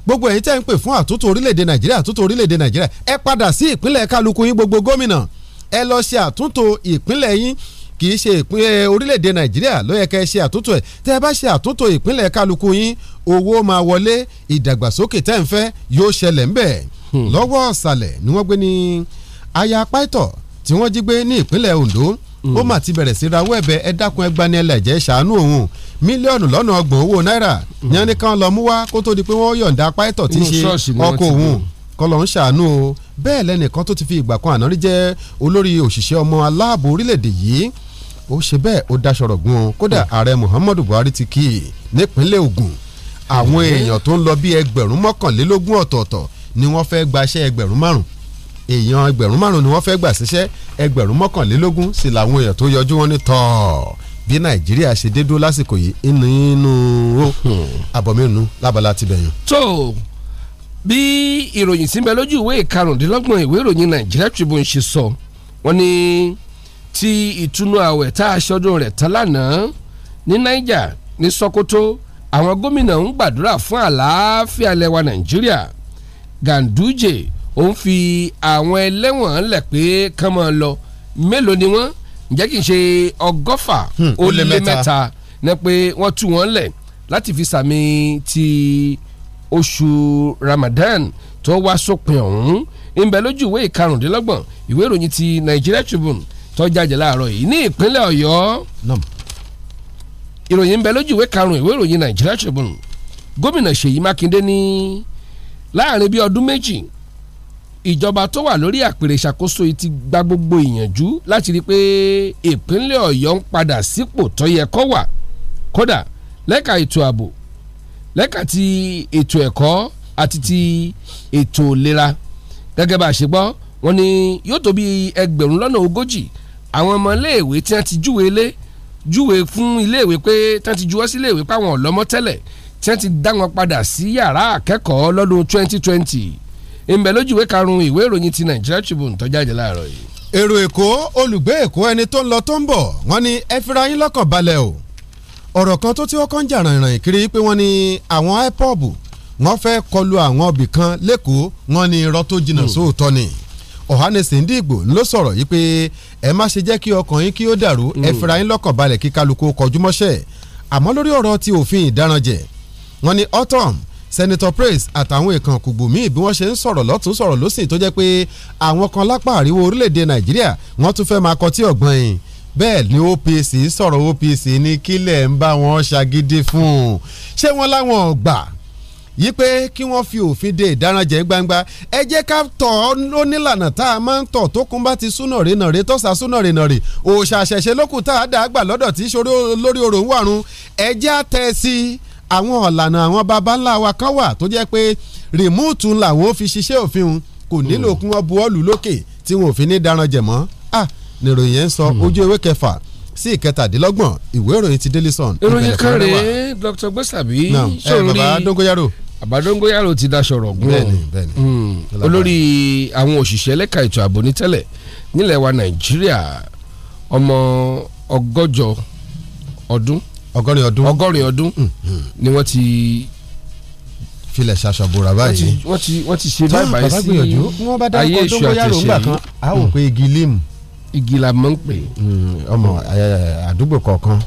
gbogbo ẹ̀yin tẹ́ ń pè fún àtúntò orílẹ̀-èdè nàìjíríà àtúntò orílẹ̀-èdè nàìjíríà ẹ padà sí ìpínlẹ̀ kálukú yín gbogbo gómìnà ẹ lọ ṣe àtúntò ìpínlẹ̀ yín kì í ṣe ìpínlẹ̀ orílẹ̀-èdè nàìjíríà ló yẹ ká ẹ ṣe àtúntò ẹ̀ tẹ́ ẹ bá ṣe àtúntò ìpínlẹ̀ kálukú yín owó máa wọlé ìdàgbàsókè tẹ́ ń fẹ́ yóò ṣẹlẹ̀ ńbẹ̀ hmm. lọ́wọ́ ọ̀sàlẹ̀ ni wọ́n gbé ní aya pító tí wọ́n jí gbé ní ìpínlẹ̀ ondo hmm. ó mà ti bẹ̀rẹ̀ sí rawọ́ ẹ̀bẹ̀ ẹ dákun ẹ ẹlẹ́jẹ̀ ṣàánú òun mílíọ̀nù lọ́nà ọgbọ̀n owó náírà hmm. ni wọ́n ní kán lọ mú wá kó tó di pé wọ́n yọ̀ǹda pító tí ṣe ọkọ̀ òun kọlọ̀ ń ṣàánú o bẹ́ẹ̀ lẹ́nìkan tó ti fi ìgbà kan àná jẹ́ olórí òṣìṣẹ́ ọmọ aláàbò orílẹ̀-èdè yìí ó ṣe bẹ́ẹ̀ ó dáṣọrọ̀ gun o kódà hmm. ààrẹ Muhammadu Buhari ti kí i nípínlẹ̀ Ògùn àwọn hmm. èèyàn tó ń lọ bí ẹgbẹ̀rún mọ́kànlélógún ọ̀tọ̀ọ̀tọ̀ ni wọ́n fẹ́ gbaṣẹ́ ẹgbẹ̀rún márùn èèyàn ẹgbẹ̀rún márùn ni wọ́n fẹ́ gbà síṣẹ́ ẹgbẹ̀rún mọ́kànlélógún sì làwọn èèyàn tó yọjú wọn ní tọ́ọ̀ bí nàìjíríà ṣe dé dúró lásìkò yìí nínú hmm. abọ́mẹ́nu lábala ti bẹ̀yàn. tó o bí ìròyìn tí lójú ìwé ìkarùndínlọ́gbọ̀n ìwé ìròyìn nàìjíríà Tribune ṣe sọ wọ́n ní ti ìtúnú àwẹ̀ tá a ṣọdún rẹ̀ tán lánàá ní Niger ní Sokoto àwọn gómìnà ń gbàdúrà fún àlàáfíà lẹwa Nàìjíríà Ganduje ó ń fi àwọn ẹlẹ́wọ̀n lẹ̀ pé kán máa lọ mélòó ni wọ́n ǹjẹ́ kì í ṣe ọgọ́fà hmm, ó lé mẹ́ta ní pé wọ́n tú wọn lẹ̀ láti fi sàmì ti oṣù Ramadan tó wá sópin ọ̀hún ń bẹ lójú ìwé ìkarùndínlọ́gbọ̀n ìwé ìròyìn ti Nigeria Tribune tó jáde láàárọ̀ yìí ní ìpínlẹ̀ ọ̀yọ́ ìròyìn ń bẹ lójú ìwé karùn-ún ìwé ìròyìn nàìjíríà Tribune gómìnà ṣèyí mákindé ní láàrin bíi ọdún méjì ìjọba tó wà lórí àpèrè ìṣàkóso yìí ti gba gbogbo ìyànjú láti rí i pé ìpínlẹ̀ ọ̀yọ́ ń padà sípò tó yẹ kó wà kódà lẹ́ka ètò ààbò lẹ́ka ti ètò ẹ̀kọ́ àti ti ètò ìlera gẹ́gẹ́ bá a ṣe gbọ́ wọ́n ní yóò tó bí ẹgbẹ̀rún lọ́nà ogójì àwọn ọmọléèwé tí wọ́n ti júwe lé júwe fún iléèwé pé tí wọ́n ti juwọ́ sí iléèwé páwọn ọ̀lọ́mọ tẹ́lẹ̀ tí wọ́n ti dá wọn padà sí yàrá akẹ́kọ̀ọ́ lọ́dún 2020 ìmọ̀ lójúwe karùn-ún ìwé ìròyìn ti Nigeria Tribune tó jáde láàárọ̀ yìí. èrò èkó olùgbé èkó ẹni tó ń lọ tó ń bọ̀ wọ́n ní ẹ fira yín lọ́kàn balẹ̀ o ọ̀rọ̀ kan tó ti kọ́kọ́ ń jà ràìnràìn kiri pé wọ́n ní àwọn IPOB wọ́n fẹ́ kọlu àwọn ibì kan lẹ́kọ̀ọ́ wọ́n ní irọ́ tó jìnnà hmm. sóòótọ́ ni. Hmm. Ọ̀hánẹsì Ndígbò ló sọ̀rọ̀ yìí pé ẹ má ṣe jẹ́ kí ọkàn yín kí ó dàrú ẹ hmm. fira yín lọ́kàn balẹ̀ kí kálukú kọjú mọ́ṣẹ́ àmọ́ lórí ọ̀rọ̀ ti òfin ìdáranjẹ wọ́n ní autumn Senator Praise àtàwọn èèkàn kùgbù míì bí wọ́n ṣe ń sọ̀rọ̀ lọ́tún sọ̀rọ̀ lọ́sìn tó jẹ́ pé àwọn kan lápá àríwó orílẹ̀-èdè Nàìjíríà wọ́n tún fẹ́ máa kọtí ọ̀gbọ́n yìí bẹ́ẹ̀ ni OPC sọ̀rọ̀ OPC ní kílẹ̀ ń bá wọn ṣàgídí fún un ṣé wọ́n láwọn ọ̀gbà yí pé kí wọ́n fi òfin de ìdáranjẹ gbangba ẹ jẹ́ ká tọ̀ ọ́ ló nílànà tá a máa ń tọ̀ tó kún bá ti súnà rènà rè tọ́sà súnà rènà rè òòṣà àṣẹ̀ṣẹ̀ tá a dà á gbà lọ́dọ̀ tí sori lórí orò ń wàrun ẹ jẹ́ á tẹ́ sí àwọn ọ̀lànà àwọn baba ńlá wa kan wà tó jẹ́ pé rìmúùtù làwọn ò fi ṣiṣẹ́ òfin òun kò nílò kí wọ́n bu ọ́ọ̀lù lókè tí wọn ò fi ní dáranjẹ mọ́ ah nìròyìn yẹn ń sọ ojú ewé kẹfà sí ìkẹtàdínlọ́gbọ̀n ìwé ìròyìn ti Daily Sun. ìròyìn kan rèé Dr. gbèsàbí sọ̀rọ̀ ní àbádọ́ngó yàrá ò ti daṣọ ọ̀rọ̀ gún ọ́ hmm. olórí àwọn òṣìṣẹ́ lẹ́ka ètò ààbò ní tẹ́lẹ̀ nílẹ̀ wa nàìjíríà ọmọ ọgọ́jọ ọdún ọgọ́rin ọdún ọgọ́rin ọdún hmm, hmm. ni wọ́n ti filẹ̀ ṣaṣọ̀bùrà báyìí wọ́n ti wọ́n ti ṣe báyìí báyìí sí ayé èṣù àtẹ̀ṣe a ò igi limu. igi la mọ̀ ń pè. ọmọ àdúgbò kọ̀ọ̀kan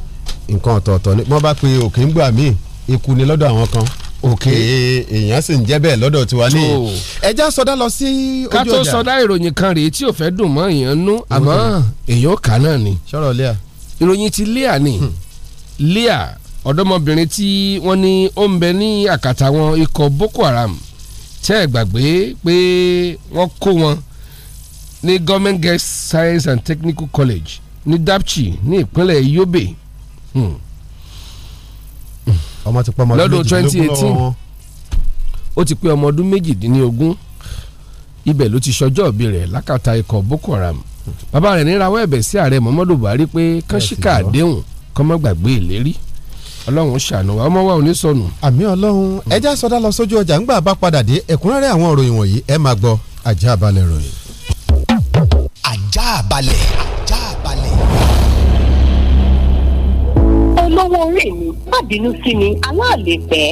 nǹkan ọ̀tọ̀ọ̀tọ̀ ni wọ́n bá pe òkè ń gbà míì ikú ni lọ́dọ̀ àwọn kan òkè e, èèyàn sì ń jẹ́ bẹ́ẹ̀ lọ́dọ̀ tiwa ní. ẹja sọdá lọ sí ojú ọjà ká tó sọdá ìròyìn kan rèé tí ò fẹ́ dùn mọ́ èèyàn nú àmọ́ èèyàn kà náà ni. sọ̀rọ̀ lẹ́à. ìròyìn ti lẹ́à ni hmm. lẹ́à ọ̀dọ́mọbìnrin tí wọ́n ní ó ń bẹ ní àkàtà wọn ikọ̀ Boko Haram tẹ́ ẹ̀ gbàgbé pé wọ́n kó wọn ní Government Girls Science and Technical College ní Dapchi ní ìpínlẹ̀ Yobe. Hmm ọmọ ti pé ọmọ ọdún méjìdínlógún lọ́wọ́ wọn. ó ti pé ọmọ ọdún méjìdínlógún ibẹ̀ ló ti ṣọjọ́ ìbí rẹ̀ lákàtà ikọ̀ Boko Haram bàbá rẹ̀ ní rawọ́ ẹ̀bẹ̀ sí ààrẹ Muhammadu Buhari pé kánṣíkà àdéhùn kọ́mọ́ gbàgbé ìlérí ọlọ́run ṣàánú wa ọmọ wa ò ní sọnù. àmì ọlọ́run hmm. ẹja sọdá lọ sójú ọjà ńgbà bá padà dé ẹ̀kúnrẹ́rẹ́ àwọn ìròyìn wọ̀nyí ẹ máa gbọ́ ajá balẹ̀ ròyìn. ajá balẹ̀ ajá balẹ̀ lọ́wọ́ orí mi má bínú sí mi aláàlẹ́ pẹ́.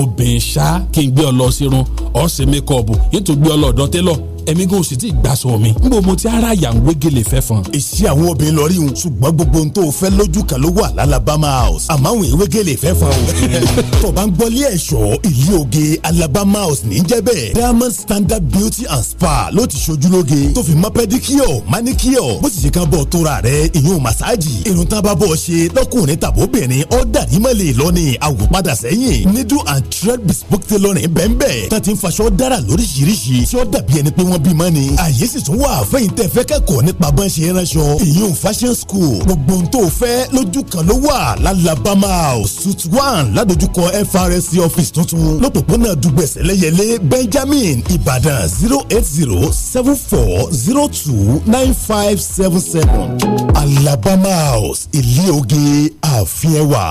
obìnrin ṣá kí n gbé ọ lọ sírun ọ̀sẹ̀ mẹ́kọ̀ọ̀bù yìí tún gbé ọ lọ ọ̀dọ́ tẹ́lọ̀ èmi gan sì ti gbàsọ mi nbọ mo ti ara yà ń wégele fẹ́ fan. èsì àwọn obìnrin lọ rí un ṣùgbọ́n gbogbo ohun tó fẹ́ lójú kan ló wà l'Alabama house àmọ́ àwọn ìwégele fẹ́ fan o. tó bá ń gbọ́lé ẹ̀ṣọ́ ìlú oge Alabama house ní jẹ́ Diamond Standard Beauty and Spa ló ti ṣojú lóge tó fi mọ́ pẹ́díkíọ̀ máníkíọ̀ bó ti ṣe ká bọ̀ tóra rẹ̀ ìyún màsáàjì irun tá a bá bọ̀ ṣe lọ́kùnrin tàbóbìnrin ọ̀ dàdí mọ́lẹ̀ lọ́ni àwòpadà sẹ́yìn needle and thread bespoke tailoring bẹ́ẹ̀ bẹ́ẹ̀ tá ti ń faṣọ dára lóríṣiríṣi tí ó dàbí ẹni pé wọ́n wọ́n bímọ ni. àyè sì tún wà fẹ́yìn tẹ́ fẹ́ kẹ́kọ̀ọ́ nípa bọ́n ṣe ránṣọ ìyún fashion school gbogbo ohun tó fẹ́ lójú kan ló wà lálàbámà suit one ládojúkọ FRC office tuntun lópòpónà dùgbẹ̀sẹ̀ lẹ́yẹlé Benjamin Ibadan zero eight zero seven four zero two nine five seven seven Alabama house ilé oge àfihàn wà.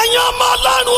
ẹ̀yin ọmọ ọlọ́run o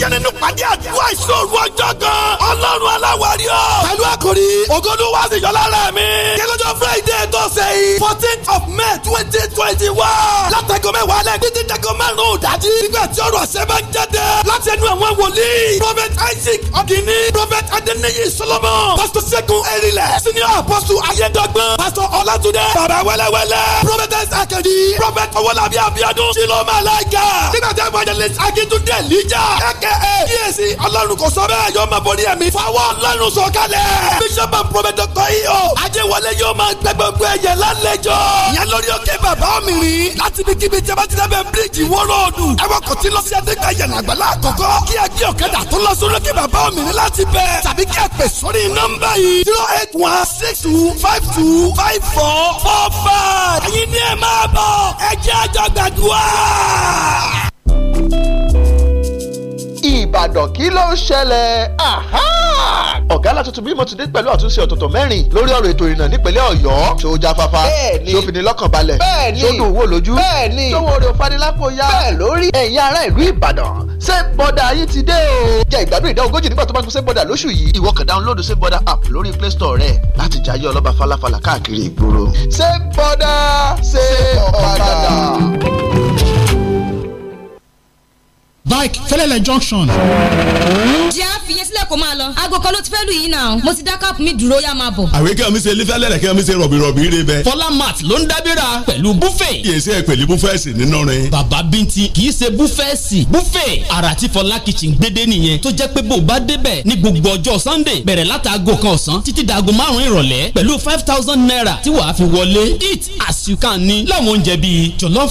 àṣeyàn nínú pàdé àdúrà ìṣòro ọjọ́ gan ọlọ́run aláwárí ọ pẹ̀lú àkòrí ògo Olúwa sì yọ lára mi kíkọ́jọ́ Friday lọ́sẹ̀ yìí fourteen of May twenty twenty one látàgọ́ mẹ́wàá lẹ́ títí dàgọ́ márùn-ún dájí nígbà tí ọ̀rọ̀ ṣẹ́ bá ń jáde láti ẹnu àwọn wòlíì prophet Isaac ọ̀gìnì prophet Adeniyi Solomon pastor Segun Erilẹ senior apostle Ayédọ́gbọ̀n pastor Ọlátúndé baba wẹ́lẹ́wẹ́lẹ́ prophetess Akadi prophet Ọwọ́lábí Abíọ́dún Siloma Alaika nígbà tí evangelist Akitunde Elija aka kíyèsí ọlọ́run kò sọ bẹ́ẹ̀ yọ máa bọ̀ ní ẹ̀mí fáwọn ọlọ́run sọ̀kalẹ̀ bishop and prophet dr iyo e Ajẹ́wọlé yóò máa gbẹgbẹgbẹ ẹ̀yẹ lálejò. ìyẹn lórí òkè bàbá omi rí. láti ní kíbi tí a bá ti dábẹ́ bíríìjì wọ́rọ́ọ̀dù. ẹ wọ kò tí lọ sí adégbà yẹn àgbàlá àkọ́kọ́. kí ẹ gbé ọ̀kadà tó lọ sórí òkè bàbá omi rí láti bẹ̀. tàbí kí ẹ pè sórí nọ́mbà yìí. zero eight one six two five two five four four five. ẹ̀yin ni ẹ máa bọ̀ ẹ jẹ́ àjọ gbàdúrà ìbàdàn kí ló ń ṣẹlẹ̀ ọ̀gá alátuntun bímọ ti dé pẹ̀lú àtúnṣe ọ̀tọ̀tọ̀ mẹ́rin lórí ọ̀rọ̀ ètò ìrìnnà nípínlẹ̀ ọ̀yọ́ ṣó jáfáfá ṣó fini lọ́kàn balẹ̀ ṣó dùn wò lójú ṣó wo orin ya bẹ́ẹ̀ lórí ẹ̀yin ará ìlú ìbàdàn ṣé bọ́dà yìí ti dé o. jẹ́ ìgbádùn ìdá ogójì nígbà tó bá ń gbé ṣé bọ́dà lóṣù yìí ìwọ kàn dáńlódù ṣé bọ́dà app lórí play store rẹ láti jayé ọlọ́ba falafala káàkiri ìgboro. ṣé bọ́dà ṣé ọ̀kadà. bike fẹlẹlẹ junction. fi yẹn sílẹ̀ kó máa lọ aago kan ló ti fẹ́ lù yìí náà mo ti dá káàpù mi dúró yá máa bọ̀. àwíkẹ́ omi ṣe lífẹ́ lẹ́rẹ̀kẹ́ omi ṣe rọ̀bìrọ̀bì rẹ bẹ́ẹ̀. fọlá mart ló ń dábìra pẹ̀lú búfẹ̀. yèsí ẹ pẹ̀lú búfẹ́ẹ̀sì nínú rẹ. bàbá bíntín kì í ṣe búfẹ́ẹ̀sì búfẹ̀ ara tí fọlá kitchen gbédé nìyẹn tó jẹ́ pé bó o bá débẹ̀ ní gbogbo ọjọ́ sunday bẹ̀rẹ̀ látàgò kan ọ̀sán títí dàgò márùn-ún ìrọ̀lẹ́ pẹ̀lú five thousand naira tí wàá fi wọlé eat as you can ní láwọn oúnjẹ bíi jollof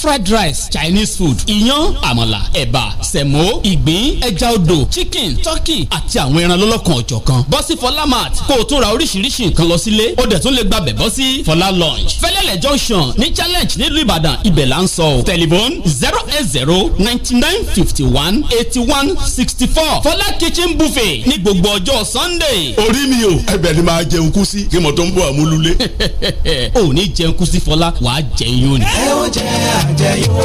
fried rice chinese food iyán àmàlà ẹ̀bà sẹ̀mó ìgbín ẹja odò chicken turkey àti àwọn ẹran lọ́lọ́kan ọ̀jọ̀kan bọ́ sí fọlá mart kó o tún ra oríṣiríṣi nǹkan lọ sílé ó dẹ̀ tún lè gbàbẹ̀ bọ́ fọlá lunch fẹlẹ́lẹ̀ junction ní challenge nílùú ìbàdàn ibẹ̀ là ń sọ o telephone zero eight zero ninety nine fifty one eighty one sixty four fọlá kitchen buffet ní gbogbo ọjọ́ sunday. orí mi o ẹbẹ̀ ni máa jẹun kú sí kí mo tó ń bọ̀ àmúlulé. o ò ní jẹun kú sí fọlá wàá jẹun yóò ní. ẹ ó jẹ àjẹyó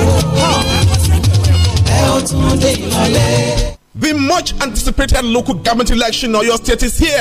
ẹ ó tún dé ìrọ̀lẹ́. The much anticipated local government election in Oyo State is here.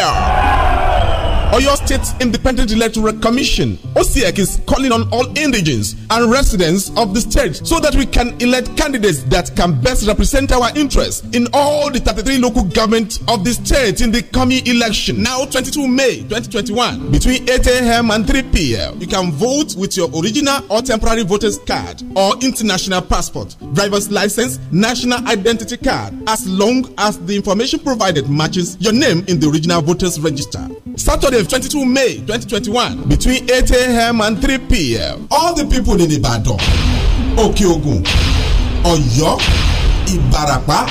Oyo State Independent Electoral Commission, OCEC, is calling on all indigents and residents of the state so that we can elect candidates that can best represent our interests in all the 33 local government of the state in the coming election. Now, 22 May 2021, between 8 a.m. and 3 p.m., you can vote with your original or temporary voter's card or international passport, driver's license, national identity card, as long as the information provided matches your name in the original voter's register. Saturday, Friday twenty May 2021 between 8 a.m. and 3 p.m. All the people in Ibadan, Òkè Ògùn, Ọ̀yọ́, Ìbàràpá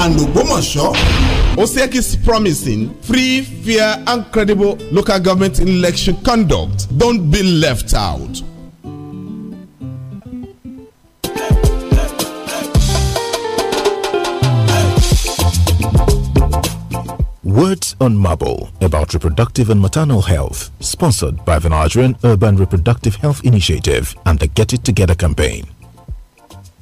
and Ògbómọ̀ṣọ́. is promising free, fair and credible local government election conduct. Don't be left out. Words on Marble about reproductive and maternal health, sponsored by the Nigerian Urban Reproductive Health Initiative and the Get It Together campaign.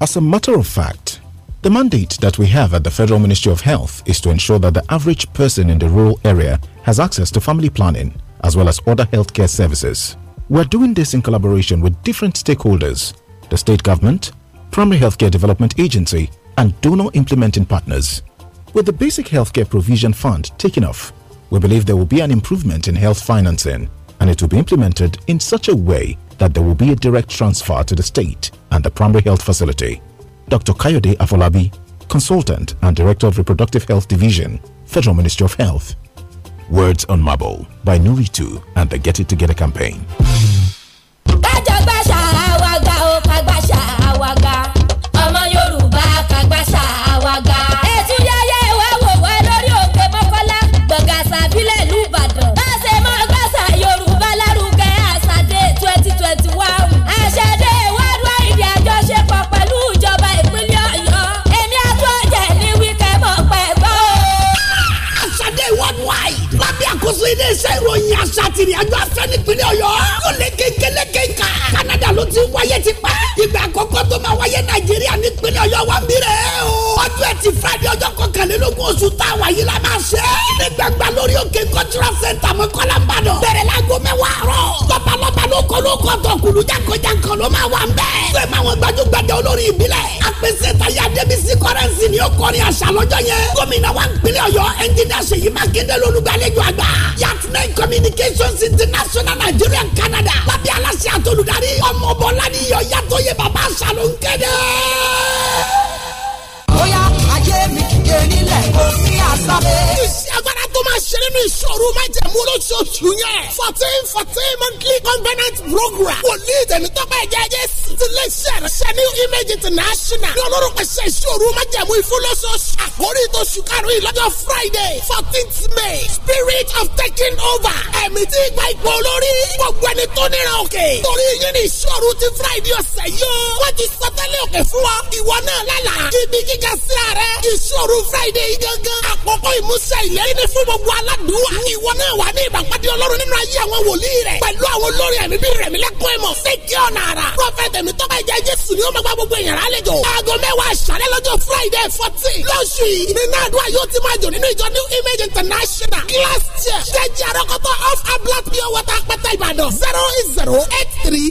As a matter of fact, the mandate that we have at the Federal Ministry of Health is to ensure that the average person in the rural area has access to family planning as well as other healthcare services. We're doing this in collaboration with different stakeholders the state government, primary healthcare development agency, and donor implementing partners. With the Basic Healthcare Provision Fund taking off, we believe there will be an improvement in health financing and it will be implemented in such a way that there will be a direct transfer to the state and the primary health facility. Dr. Kayode Afolabi, Consultant and Director of Reproductive Health Division, Federal Ministry of Health. Words on Marble by Nuritu and the Get It Together campaign. iléeṣẹ́ ìròyìn àṣà tìrì àjọ afẹ́ nípínlẹ̀ ọ̀yọ́. ó lè kékeré kéka. Canada ló ti wáyé ti pẹ́. ìgbà àkọ́kọ́ tó máa wáyé nàìjíríà nípínlẹ̀ ọ̀yọ́ wa ń bí rẹ̀ o. ọjọ́ ẹtì friday ọjọ́ kọkànlélógún oṣù tá a wà yìí la máa ṣe. ní gbàgbà lórí òkè cultural center mọ́kànlá ń bàdàn. bẹ̀rẹ̀ láago mẹ́wàá àárọ̀. lọ́balọ́ba lóko lóko tó kulu jankan-jankan ló máa wà ń bẹ́ẹ̀. ṣé máa wọn gbajúgbajà olórí ìbílẹ̀. apèsè tayà débísí kọ́rẹ́nsì ni ó kọrin àṣà lọ́jọ́ yẹn. gómìnà wa ìpínlẹ̀ ọ̀yọ́ ẹnjìnìà ṣèyí mákindé lolùgbàlejò àgbà. yatnai communications international nigeria canada. lábẹ́ aláṣẹ àtolùdarí ọmọbọlá ni iyọ̀ yàtọ̀ yẹ bàbá àṣà ló ń kéde. bóyá ayé mi kìkè nílẹ̀ kò sí àṣà máa ṣe nínú ìṣòro májẹ̀mú olóṣooṣù yẹn. fourteen fourteen monthly covenant program. wòlíì ìdẹ̀ni tọ́pẹ́ ẹ̀jẹ̀ ẹ̀jẹ̀ ti lè ṣe ẹ̀rẹ́ṣẹ́ ní image international. ní olórúkọ ṣe ìṣòro májẹ̀mú ìfúnlọ́ṣọṣù. àkórí tó ṣùkárù ìlọ́jọ́ friday fourteenth may spirit of taking over. ẹ̀mí tí ìgbà ìpò olórí gbogbo ẹni tó níra òkè. torí yín ni ìṣòro ti friday ọ̀sẹ̀ yìí. wọ́n ti sọ tẹ́lẹ̀ òkè fún wa. ìwọ náà lálàá. ibi gíga sí ààrẹ. friday yìí gángan. àkókò ìmúṣẹ ìlérí ni fún gbogbo aládùúwà. ìwọ náà wà ní ìbànújẹ́ ọlọ́run nínú ayé àwọn wòlíì rẹ̀. pẹ̀lú àwọn olórí ẹ̀mí bíi rẹ̀mí lẹ́kọ́ ẹ̀mọ́. sèkí ọ̀nà àrà. prọfẹ̀tì mi tọ́ka ìjà jésù ni ó máa gba gbogbo èèyàn lálejò. aago mẹ́wàá àṣálẹ́ lọ́jọ́ friday fourteen. lóṣù yìí nínú àdúrà yóò ti máa jò nínú ìjọ new image international. glass chair. jẹjẹrẹ kọ́tọ̀ off ablat pure water pẹ̀tẹ̀ ìbàdàn. zero eight zero eight three